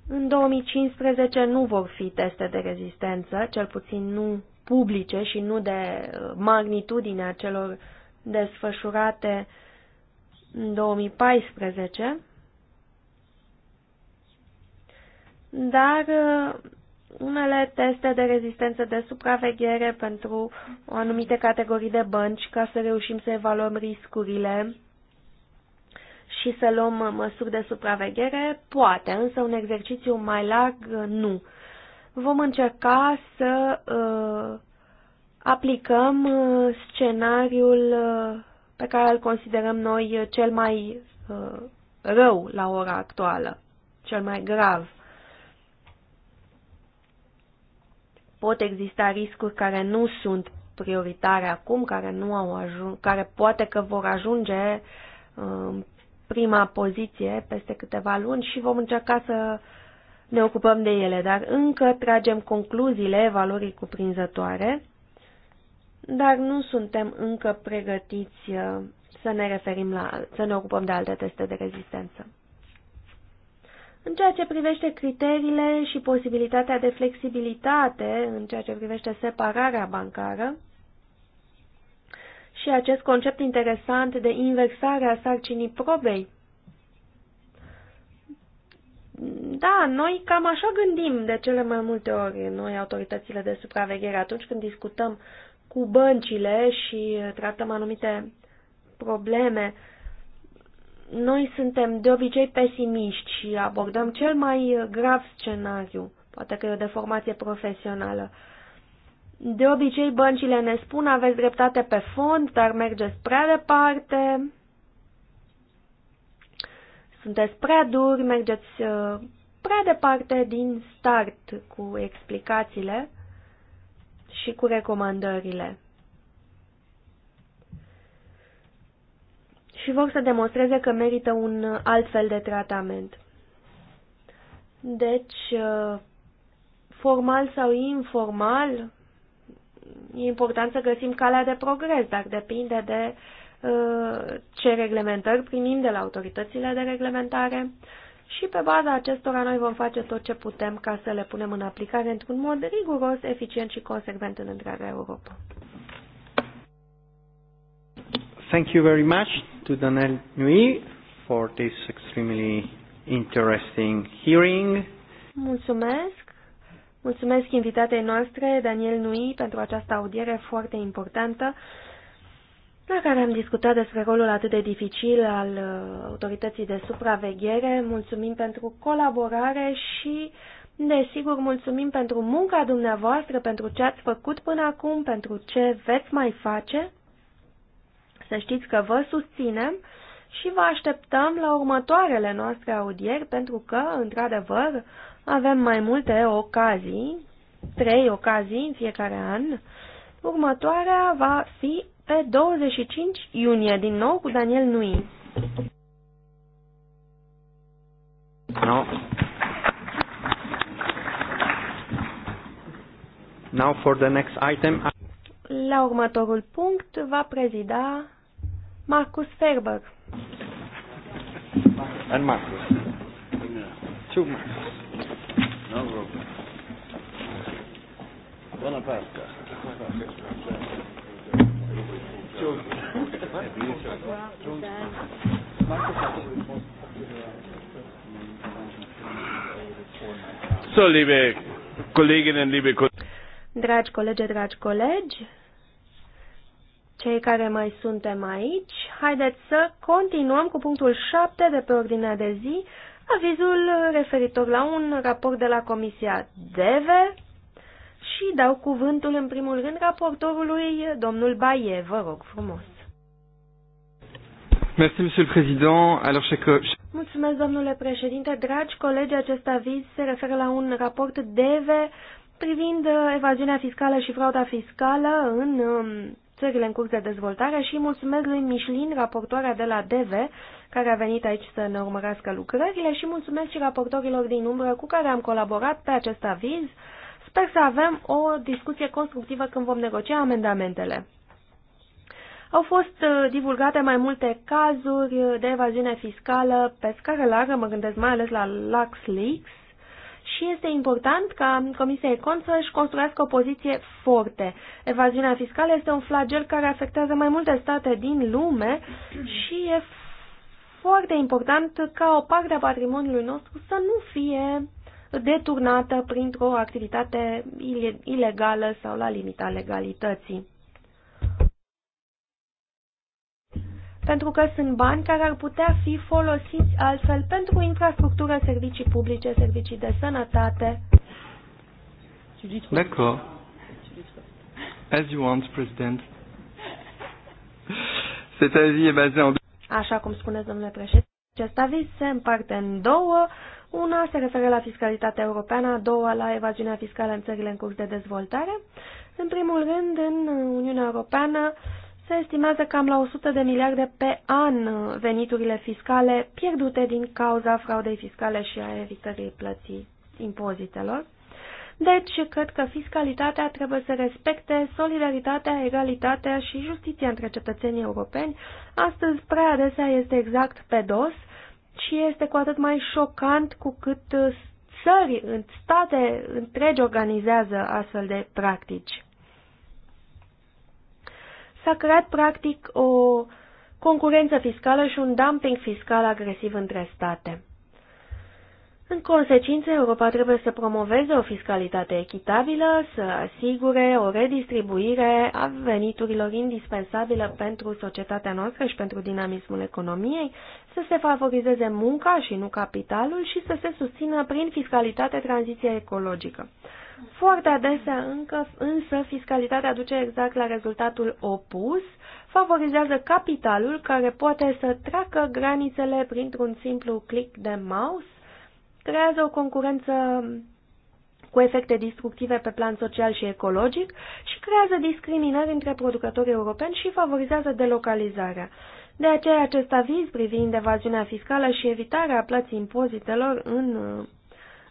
În 2015 nu vor fi teste de rezistență, cel puțin nu publice și nu de uh, magnitudinea celor desfășurate în 2014, dar uh, unele teste de rezistență de supraveghere pentru o anumite categorii de bănci ca să reușim să evaluăm riscurile și să luăm măsuri de supraveghere? Poate, însă un exercițiu mai larg nu. Vom încerca să uh, aplicăm uh, scenariul uh, pe care îl considerăm noi cel mai uh, rău la ora actuală, cel mai grav. Pot exista riscuri care nu sunt prioritare acum, care nu au ajuns, care poate că vor ajunge uh, prima poziție peste câteva luni și vom încerca să ne ocupăm de ele, dar încă tragem concluziile valorii cuprinzătoare, dar nu suntem încă pregătiți uh, să ne referim la, să ne ocupăm de alte teste de rezistență. În ceea ce privește criteriile și posibilitatea de flexibilitate, în ceea ce privește separarea bancară, și acest concept interesant de inversare a sarcinii probei. Da, noi cam așa gândim de cele mai multe ori, noi autoritățile de supraveghere, atunci când discutăm cu băncile și tratăm anumite probleme. Noi suntem de obicei pesimiști și abordăm cel mai grav scenariu, poate că e o deformație profesională. Uh, de obicei, băncile ne spun aveți dreptate pe fond, dar mergeți prea departe, sunteți prea duri, mergeți uh, prea departe din start cu explicațiile și cu recomandările. Și vor să demonstreze că merită un alt fel de tratament. Deci, uh, formal sau informal, e important să găsim calea de progres, dar depinde de uh, ce reglementări primim de la autoritățile de reglementare și pe baza acestora noi vom face tot ce putem ca să le punem în aplicare într-un mod riguros, eficient și consecvent în întreaga Europa. Thank you very much to Daniel Nui for this extremely interesting hearing. Mulțumesc Mulțumesc invitatei noastre, Daniel Nui, pentru această audiere foarte importantă, la care am discutat despre rolul atât de dificil al uh, autorității de supraveghere. Mulțumim pentru colaborare și, desigur, mulțumim pentru munca dumneavoastră, pentru ce ați făcut până acum, pentru ce veți mai face. Să știți că vă susținem și vă așteptăm la următoarele noastre audieri, pentru că, într-adevăr, avem mai multe ocazii, trei ocazii în fiecare an. Următoarea va fi pe 25 iunie, din nou cu Daniel Nui. No. Now for the next item. La următorul punct va prezida Marcus Ferber. And Marcus. Two Marcus. No problem. Buona pasta. So, liebe Kolleginnen, liebe Kollegen. Dragi colegi, dragi colegi, cei care mai suntem aici, haideți să continuăm cu punctul 7 de pe ordinea de zi, avizul referitor la un raport de la Comisia DEVE și dau cuvântul în primul rând raportorului, domnul Baie, vă rog frumos. Merci, Monsieur le Président. Alors, Mulțumesc, domnule președinte. Dragi colegi, acest aviz se referă la un raport DEVE privind evaziunea fiscală și frauda fiscală în um, țările în curs de dezvoltare și mulțumesc lui Mișlin, raportoarea de la DV, care a venit aici să ne urmărească lucrările și mulțumesc și raportorilor din umbră cu care am colaborat pe acest aviz. Sper să avem o discuție constructivă când vom negocia amendamentele. Au fost uh, divulgate mai multe cazuri uh, de evaziune fiscală pe scară largă, mă gândesc mai ales la LuxLeaks, și este important ca Comisia Econ să își construiască o poziție forte. Evaziunea fiscală este un flagel care afectează mai multe state din lume și e foarte important ca o parte a patrimoniului nostru să nu fie deturnată printr-o activitate ilegală sau la limita legalității pentru că sunt bani care ar putea fi folosiți altfel pentru infrastructură, servicii publice, servicii de sănătate. D'accord. As you want, President. Cet avis est basé en... Așa cum spuneți, domnule președinte, acest aviz se împarte în două. Una se referă la fiscalitatea europeană, a doua la evaziunea fiscală în țările în curs de dezvoltare. În primul rând, în Uniunea Europeană, uh, se estimează cam la 100 de miliarde pe an veniturile fiscale pierdute din cauza fraudei fiscale și a evitării plății impozitelor. Deci, cred că fiscalitatea trebuie să respecte solidaritatea, egalitatea și justiția între cetățenii europeni. Astăzi, prea adesea este exact pe dos și este cu atât mai șocant cu cât țări, state întregi organizează astfel de practici s-a creat practic o concurență fiscală și un dumping fiscal agresiv între state. În consecință, Europa trebuie să promoveze o fiscalitate echitabilă, să asigure o redistribuire a veniturilor indispensabile pentru societatea noastră și pentru dinamismul economiei, să se favorizeze munca și nu capitalul și să se susțină prin fiscalitate tranziția ecologică. Foarte adesea încă, însă fiscalitatea duce exact la rezultatul opus, favorizează capitalul care poate să treacă granițele printr-un simplu click de mouse, creează o concurență cu efecte distructive pe plan social și ecologic și creează discriminări între producătorii europeni și favorizează delocalizarea. De aceea acest aviz privind evaziunea fiscală și evitarea plății impozitelor în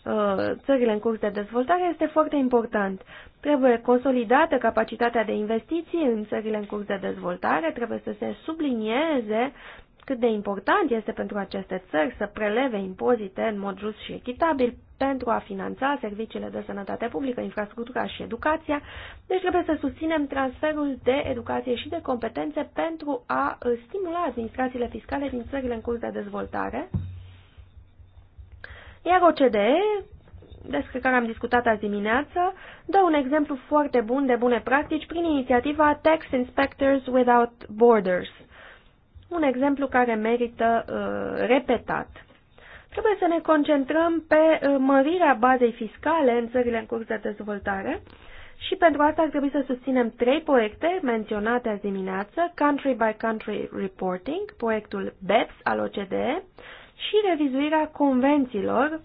Uh, țările în curs de dezvoltare este foarte important. Trebuie consolidată capacitatea de investiții în țările în curs de dezvoltare, trebuie să se sublinieze cât de important este pentru aceste țări să preleve impozite în mod just și echitabil pentru a finanța serviciile de sănătate publică, infrastructura și educația. Deci trebuie să susținem transferul de educație și de competențe pentru a stimula administrațiile fiscale din țările în curs de dezvoltare iar OCDE, despre care am discutat azi dimineață, dă un exemplu foarte bun de bune practici prin inițiativa Tax Inspectors Without Borders, un exemplu care merită uh, repetat. Trebuie să ne concentrăm pe uh, mărirea bazei fiscale în țările în curs de dezvoltare și pentru asta ar trebui să susținem trei proiecte menționate azi dimineață, Country by Country Reporting, proiectul BEPS al OCDE, și revizuirea convențiilor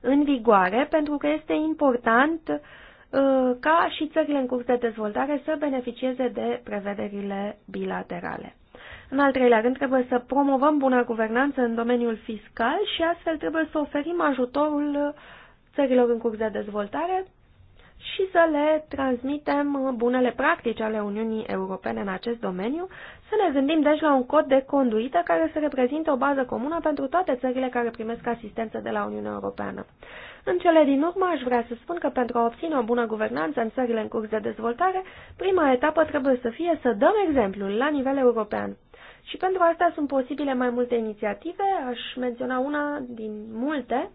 în vigoare, pentru că este important uh, ca și țările în curs de dezvoltare să beneficieze de prevederile bilaterale. În al treilea rând, trebuie să promovăm buna guvernanță în domeniul fiscal și astfel trebuie să oferim ajutorul țărilor în curs de dezvoltare și să le transmitem bunele practici ale Uniunii Europene în acest domeniu să ne gândim deci la un cod de conduită care să reprezinte o bază comună pentru toate țările care primesc asistență de la Uniunea Europeană. În cele din urmă aș vrea să spun că pentru a obține o bună guvernanță în țările în curs de dezvoltare, prima etapă trebuie să fie să dăm exemplul la nivel european. Și pentru asta sunt posibile mai multe inițiative, aș menționa una din multe,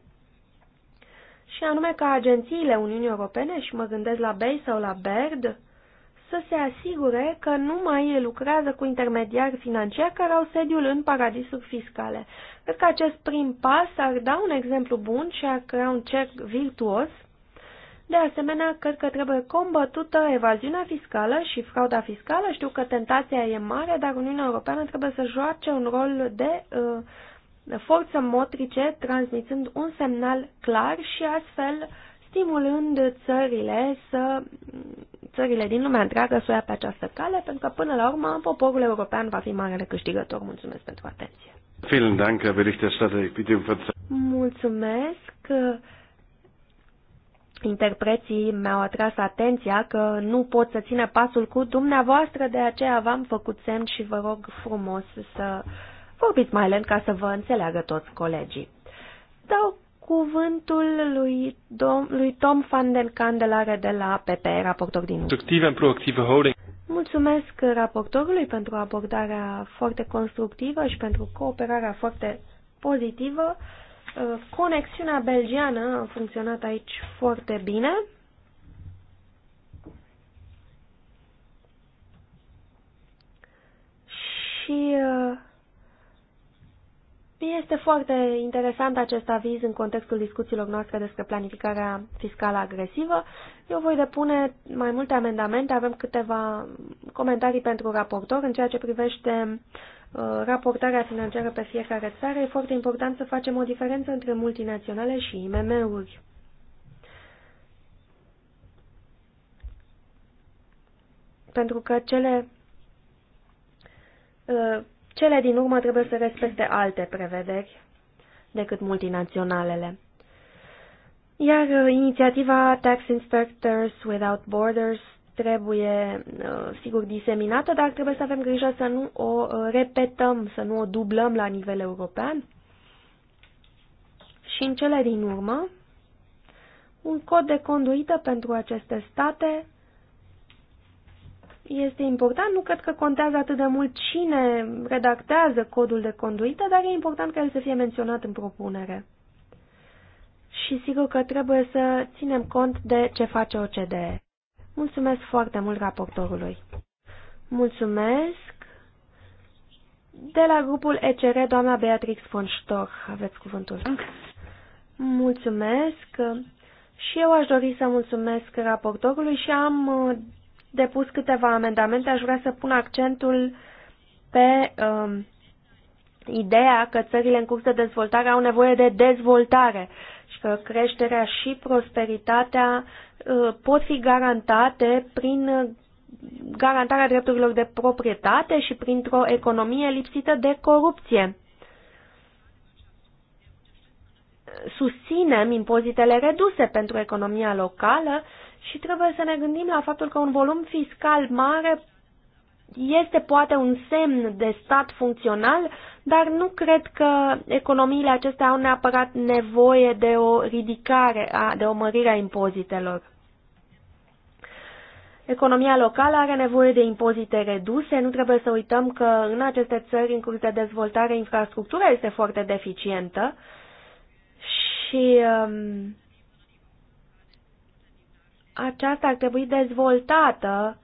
și anume ca agențiile Uniunii Europene, și mă gândesc la BEI sau la BERD, să se asigure că nu mai lucrează cu intermediari financiari care au sediul în paradisuri fiscale. Cred că acest prim pas ar da un exemplu bun și ar crea un cerc virtuos. De asemenea, cred că trebuie combătută evaziunea fiscală și frauda fiscală. Știu că tentația e mare, dar Uniunea Europeană trebuie să joace un rol de uh, forță motrice, transmițând un semnal clar și astfel stimulând țările să țările din lumea întreagă să o ia pe această cale, pentru că până la urmă poporul european va fi marele câștigător. Mulțumesc pentru atenție. Um Mulțumesc. Interpreții mi-au atras atenția că nu pot să țină pasul cu dumneavoastră, de aceea v-am făcut semn și vă rog frumos să vorbiți mai lent ca să vă înțeleagă toți colegii. Dau cuvântul lui, Dom, lui Tom van den Candelare de la PP, raportor din UNE. Mulțumesc raportorului pentru abordarea foarte constructivă și pentru cooperarea foarte pozitivă. Conexiunea belgiană a funcționat aici foarte bine. Și uh, este foarte interesant acest aviz în contextul discuțiilor noastre despre planificarea fiscală agresivă. Eu voi depune mai multe amendamente, avem câteva comentarii pentru raportor în ceea ce privește uh, raportarea financiară pe fiecare țară. E foarte important să facem o diferență între multinaționale și IMM-uri. Pentru că cele uh, cele din urmă trebuie să respecte alte prevederi decât multinaționalele. Iar uh, inițiativa Tax Inspectors Without Borders trebuie, uh, sigur, diseminată, dar trebuie să avem grijă să nu o uh, repetăm, să nu o dublăm la nivel european. Și în cele din urmă, un cod de conduită pentru aceste state este important. Nu cred că contează atât de mult cine redactează codul de conduită, dar e important ca el să fie menționat în propunere. Și sigur că trebuie să ținem cont de ce face OCDE. Mulțumesc foarte mult raportorului. Mulțumesc. De la grupul ECR, doamna Beatrix von Storch, aveți cuvântul. Mulțumesc. Și eu aș dori să mulțumesc raportorului și am depus câteva amendamente, aș vrea să pun accentul pe um, ideea că țările în curs de dezvoltare au nevoie de dezvoltare și că creșterea și prosperitatea uh, pot fi garantate prin uh, garantarea drepturilor de proprietate și printr-o economie lipsită de corupție. Susținem impozitele reduse pentru economia locală și trebuie să ne gândim la faptul că un volum fiscal mare este poate un semn de stat funcțional, dar nu cred că economiile acestea au neapărat nevoie de o ridicare, a, de o mărire a impozitelor. Economia locală are nevoie de impozite reduse, nu trebuie să uităm că în aceste țări în curs de dezvoltare infrastructura este foarte deficientă și um, aceasta ar trebui dezvoltată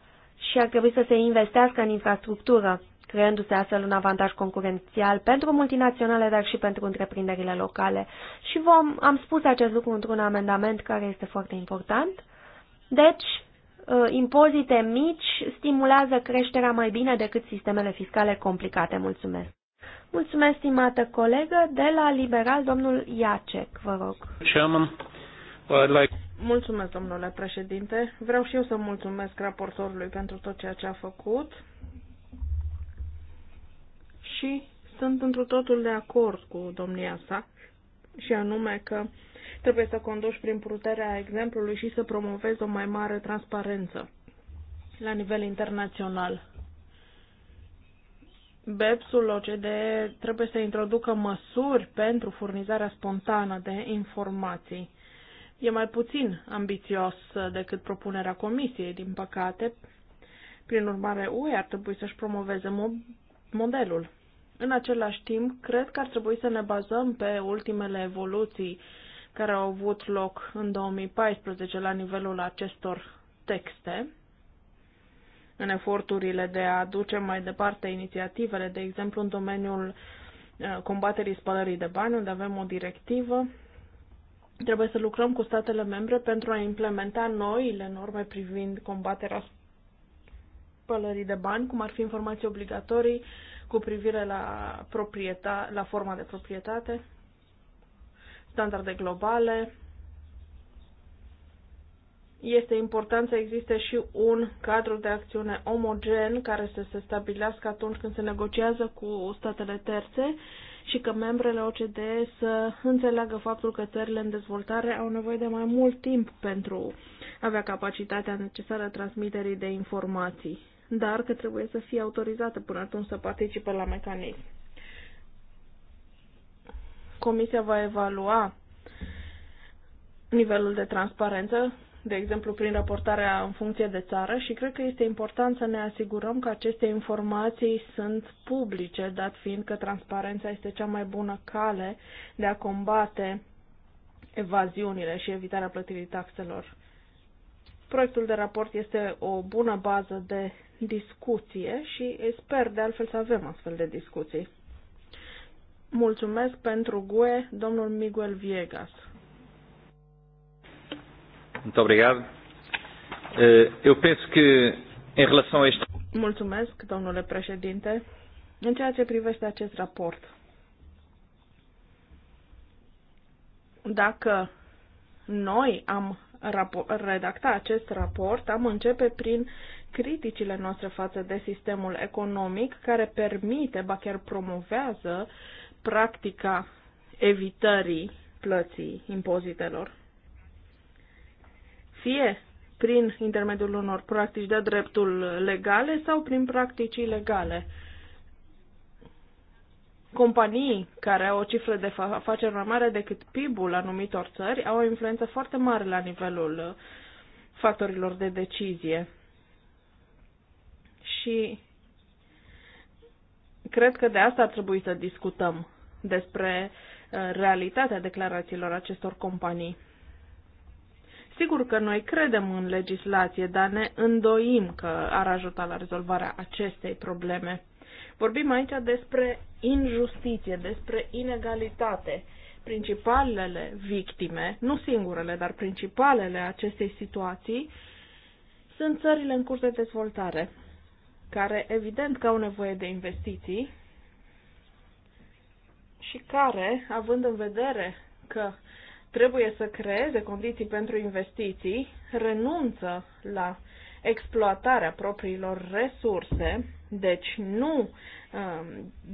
și ar trebui să se investească în infrastructură, creându-se astfel un avantaj concurențial pentru multinaționale, dar și pentru întreprinderile locale. Și vom, am spus acest lucru într-un amendament care este foarte important. Deci, uh, impozite mici stimulează creșterea mai bine decât sistemele fiscale complicate. Mulțumesc! Mulțumesc, stimată colegă, de la Liberal, domnul Iacek, vă rog. Chairman. Mulțumesc, domnule președinte. Vreau și eu să mulțumesc raportorului pentru tot ceea ce a făcut și sunt într totul de acord cu domnia sa și anume că trebuie să conduci prin puterea exemplului și să promovezi o mai mare transparență la nivel internațional. BEPS-ul OCDE trebuie să introducă măsuri pentru furnizarea spontană de informații e mai puțin ambițios uh, decât propunerea Comisiei, din păcate. Prin urmare, UE ar trebui să-și promoveze modelul. În același timp, cred că ar trebui să ne bazăm pe ultimele evoluții care au avut loc în 2014 la nivelul acestor texte, în eforturile de a aduce mai departe inițiativele, de exemplu în domeniul uh, combaterii spălării de bani, unde avem o directivă Trebuie să lucrăm cu statele membre pentru a implementa noile norme privind combaterea spălării de bani, cum ar fi informații obligatorii cu privire la, proprieta, la forma de proprietate, standarde globale. Este important să existe și un cadru de acțiune omogen care să se stabilească atunci când se negociază cu statele terțe și că membrele OCDE să înțeleagă faptul că țările în dezvoltare au nevoie de mai mult timp pentru a avea capacitatea necesară transmiterii de informații, dar că trebuie să fie autorizată până atunci să participe la mecanism. Comisia va evalua nivelul de transparență de exemplu prin raportarea în funcție de țară și cred că este important să ne asigurăm că aceste informații sunt publice, dat fiind că transparența este cea mai bună cale de a combate evaziunile și evitarea plătirii taxelor. Proiectul de raport este o bună bază de discuție și sper de altfel să avem astfel de discuții. Mulțumesc pentru GUE, domnul Miguel Viegas. Muito obrigado. Eh, eu penso que, em relação a este... Mulțumesc, domnule președinte. În ceea ce privește acest raport, dacă noi am redacta acest raport, am începe prin criticile noastre față de sistemul economic care permite, ba chiar promovează, practica evitării plății impozitelor fie prin intermediul unor practici de dreptul legale sau prin practici ilegale. Companii care au o cifră de afaceri mai mare decât PIB-ul anumitor țări au o influență foarte mare la nivelul uh, factorilor de decizie. Și cred că de asta ar trebui să discutăm despre uh, realitatea declarațiilor acestor companii. Sigur că noi credem în legislație, dar ne îndoim că ar ajuta la rezolvarea acestei probleme. Vorbim aici despre injustiție, despre inegalitate. Principalele victime, nu singurele, dar principalele acestei situații, sunt țările în curs de dezvoltare, care evident că au nevoie de investiții și care, având în vedere că trebuie să creeze condiții pentru investiții, renunță la exploatarea propriilor resurse, deci nu um,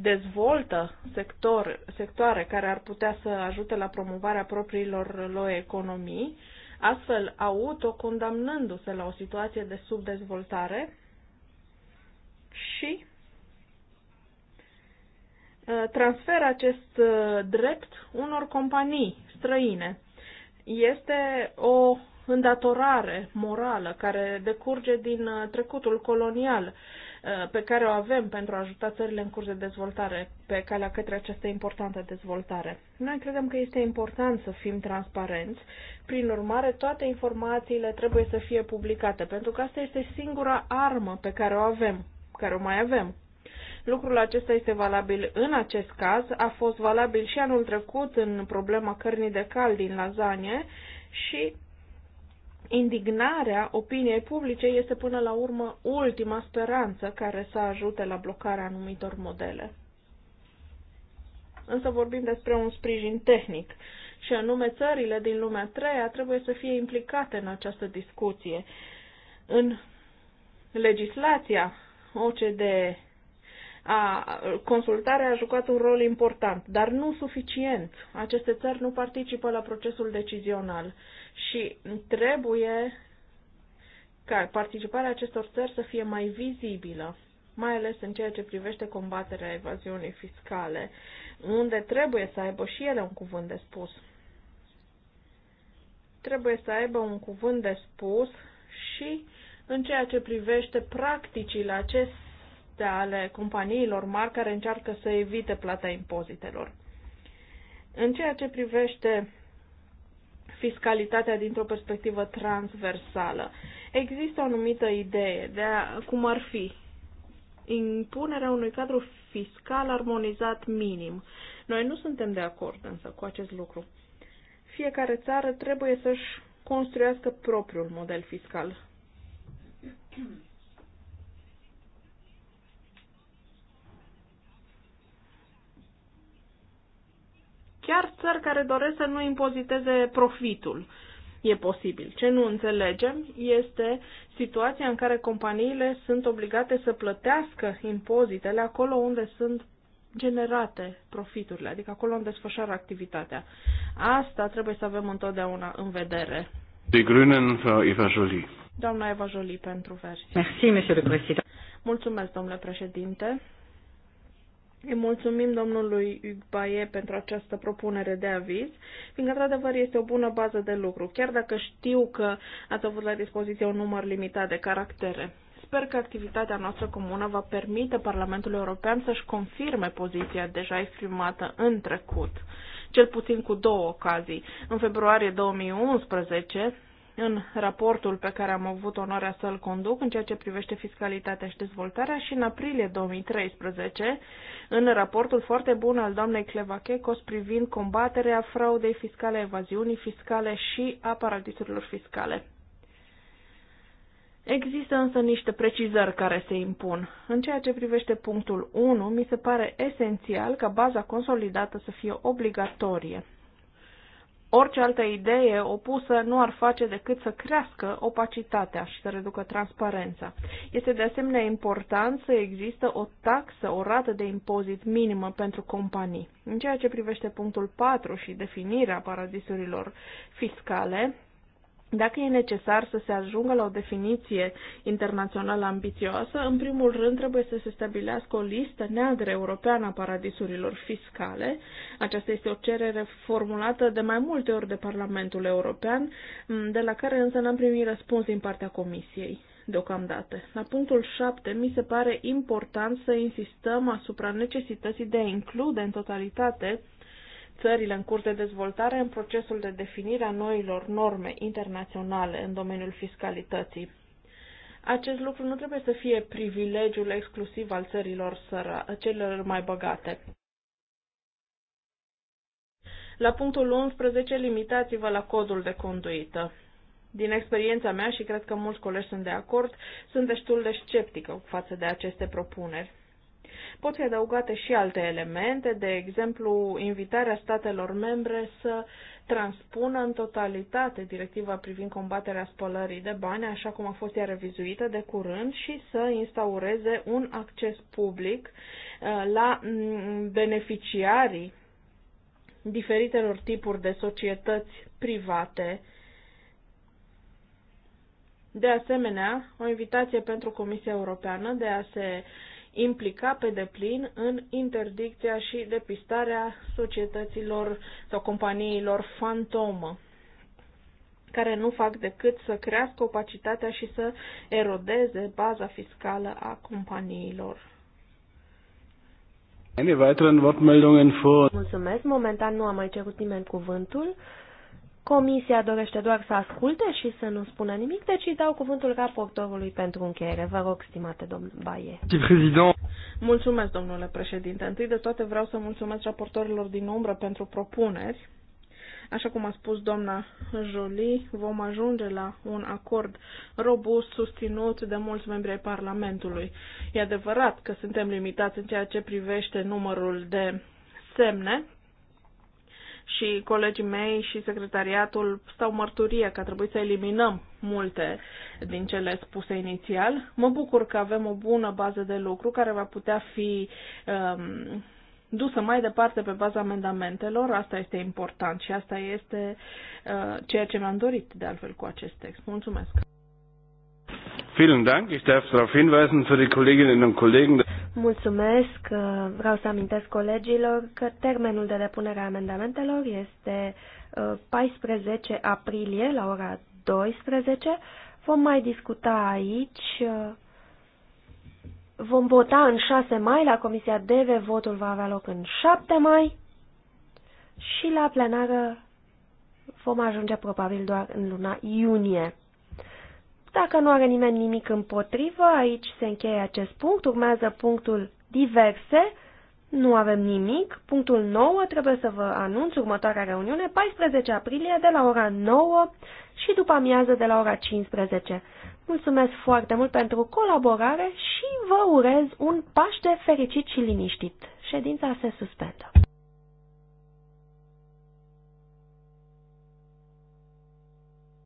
dezvoltă sector, sectoare care ar putea să ajute la promovarea propriilor lor economii, astfel autocondamnându-se la o situație de subdezvoltare și uh, transferă acest uh, drept unor companii străine. Este o îndatorare morală care decurge din uh, trecutul colonial uh, pe care o avem pentru a ajuta țările în curs de dezvoltare pe calea către această importantă dezvoltare. Noi credem că este important să fim transparenți, prin urmare toate informațiile trebuie să fie publicate, pentru că asta este singura armă pe care o avem, care o mai avem Lucrul acesta este valabil în acest caz, a fost valabil și anul trecut în problema cărnii de cal din lasagne și indignarea opiniei publice este până la urmă ultima speranță care să ajute la blocarea anumitor modele. Însă vorbim despre un sprijin tehnic și anume țările din lumea treia trebuie să fie implicate în această discuție. În legislația OCDE a, consultarea a jucat un rol important, dar nu suficient. Aceste țări nu participă la procesul decizional și trebuie ca participarea acestor țări să fie mai vizibilă, mai ales în ceea ce privește combaterea evaziunii fiscale, unde trebuie să aibă și ele un cuvânt de spus. Trebuie să aibă un cuvânt de spus și în ceea ce privește practicile acest de ale companiilor mari care încearcă să evite plata impozitelor. În ceea ce privește fiscalitatea dintr-o perspectivă transversală, există o anumită idee de a, cum ar fi impunerea unui cadru fiscal armonizat minim. Noi nu suntem de acord însă cu acest lucru. Fiecare țară trebuie să-și construiască propriul model fiscal. chiar țări care doresc să nu impoziteze profitul. E posibil. Ce nu înțelegem este situația în care companiile sunt obligate să plătească impozitele acolo unde sunt generate profiturile, adică acolo unde desfășoară activitatea. Asta trebuie să avem întotdeauna în vedere. De Grünen, Eva Jolie. Doamna Eva Jolie pentru versi. Mulțumesc, domnule președinte. Îi mulțumim domnului Baie pentru această propunere de aviz, fiindcă, într-adevăr, este o bună bază de lucru, chiar dacă știu că ați avut la dispoziție un număr limitat de caractere. Sper că activitatea noastră comună va permite Parlamentului European să-și confirme poziția deja exprimată în trecut, cel puțin cu două ocazii. În februarie 2011, în raportul pe care am avut onoarea să-l conduc în ceea ce privește fiscalitatea și dezvoltarea și în aprilie 2013 în raportul foarte bun al doamnei Clevachecos privind combaterea fraudei fiscale, evaziunii fiscale și a paradisurilor fiscale. Există însă niște precizări care se impun. În ceea ce privește punctul 1, mi se pare esențial ca baza consolidată să fie obligatorie Orice altă idee opusă nu ar face decât să crească opacitatea și să reducă transparența. Este de asemenea important să există o taxă, o rată de impozit minimă pentru companii. În ceea ce privește punctul 4 și definirea paradisurilor fiscale, dacă e necesar să se ajungă la o definiție internațională ambițioasă, în primul rând trebuie să se stabilească o listă neagră europeană a paradisurilor fiscale. Aceasta este o cerere formulată de mai multe ori de Parlamentul European, de la care însă n-am primit răspuns din partea Comisiei deocamdată. La punctul 7 mi se pare important să insistăm asupra necesității de a include în totalitate țările în curs de dezvoltare în procesul de definire a noilor norme internaționale în domeniul fiscalității. Acest lucru nu trebuie să fie privilegiul exclusiv al țărilor săra, celor mai băgate. La punctul 11, limitați-vă la codul de conduită. Din experiența mea, și cred că mulți colegi sunt de acord, sunt destul de sceptică față de aceste propuneri. Pot fi adăugate și alte elemente, de exemplu, invitarea statelor membre să transpună în totalitate directiva privind combaterea spălării de bani, așa cum a fost ea revizuită de curând, și să instaureze un acces public uh, la mm, beneficiarii diferitelor tipuri de societăți private. De asemenea, o invitație pentru Comisia Europeană de a se implica pe deplin în interdicția și depistarea societăților sau companiilor fantomă care nu fac decât să crească opacitatea și să erodeze baza fiscală a companiilor. Mulțumesc, momentan nu am mai cerut nimeni cuvântul. Comisia dorește doar să asculte și să nu spună nimic, deci îi dau cuvântul raportorului pentru încheiere. Vă rog, stimate domnul Baie. Mulțumesc, domnule președinte. Întâi de toate vreau să mulțumesc raportorilor din umbră pentru propuneri. Așa cum a spus doamna Jolie, vom ajunge la un acord robust susținut de mulți membri ai Parlamentului. E adevărat că suntem limitați în ceea ce privește numărul de semne, și colegii mei și secretariatul stau mărturie că a trebuit să eliminăm multe din cele spuse inițial. Mă bucur că avem o bună bază de lucru care va putea fi um, dusă mai departe pe baza amendamentelor. Asta este important și asta este uh, ceea ce mi-am dorit de altfel cu acest text. Mulțumesc! Vielen Dank. Ich darf darauf hinweisen für die Kolleginnen und Kollegen. Mulțumesc. Uh, vreau să amintesc colegilor că termenul de depunere a amendamentelor este 14 uh, aprilie la ora 12. Vom mai discuta aici. Uh, vom vota în 6 mai la Comisia DV. votul va avea loc în 7 mai și la plenară vom ajunge probabil doar în luna iunie. Dacă nu are nimeni nimic împotrivă, aici se încheie acest punct, urmează punctul diverse, nu avem nimic, punctul 9 trebuie să vă anunț următoarea reuniune, 14 aprilie de la ora 9 și după amiază de la ora 15. Mulțumesc foarte mult pentru colaborare și vă urez un Paște fericit și liniștit. Ședința se suspendă.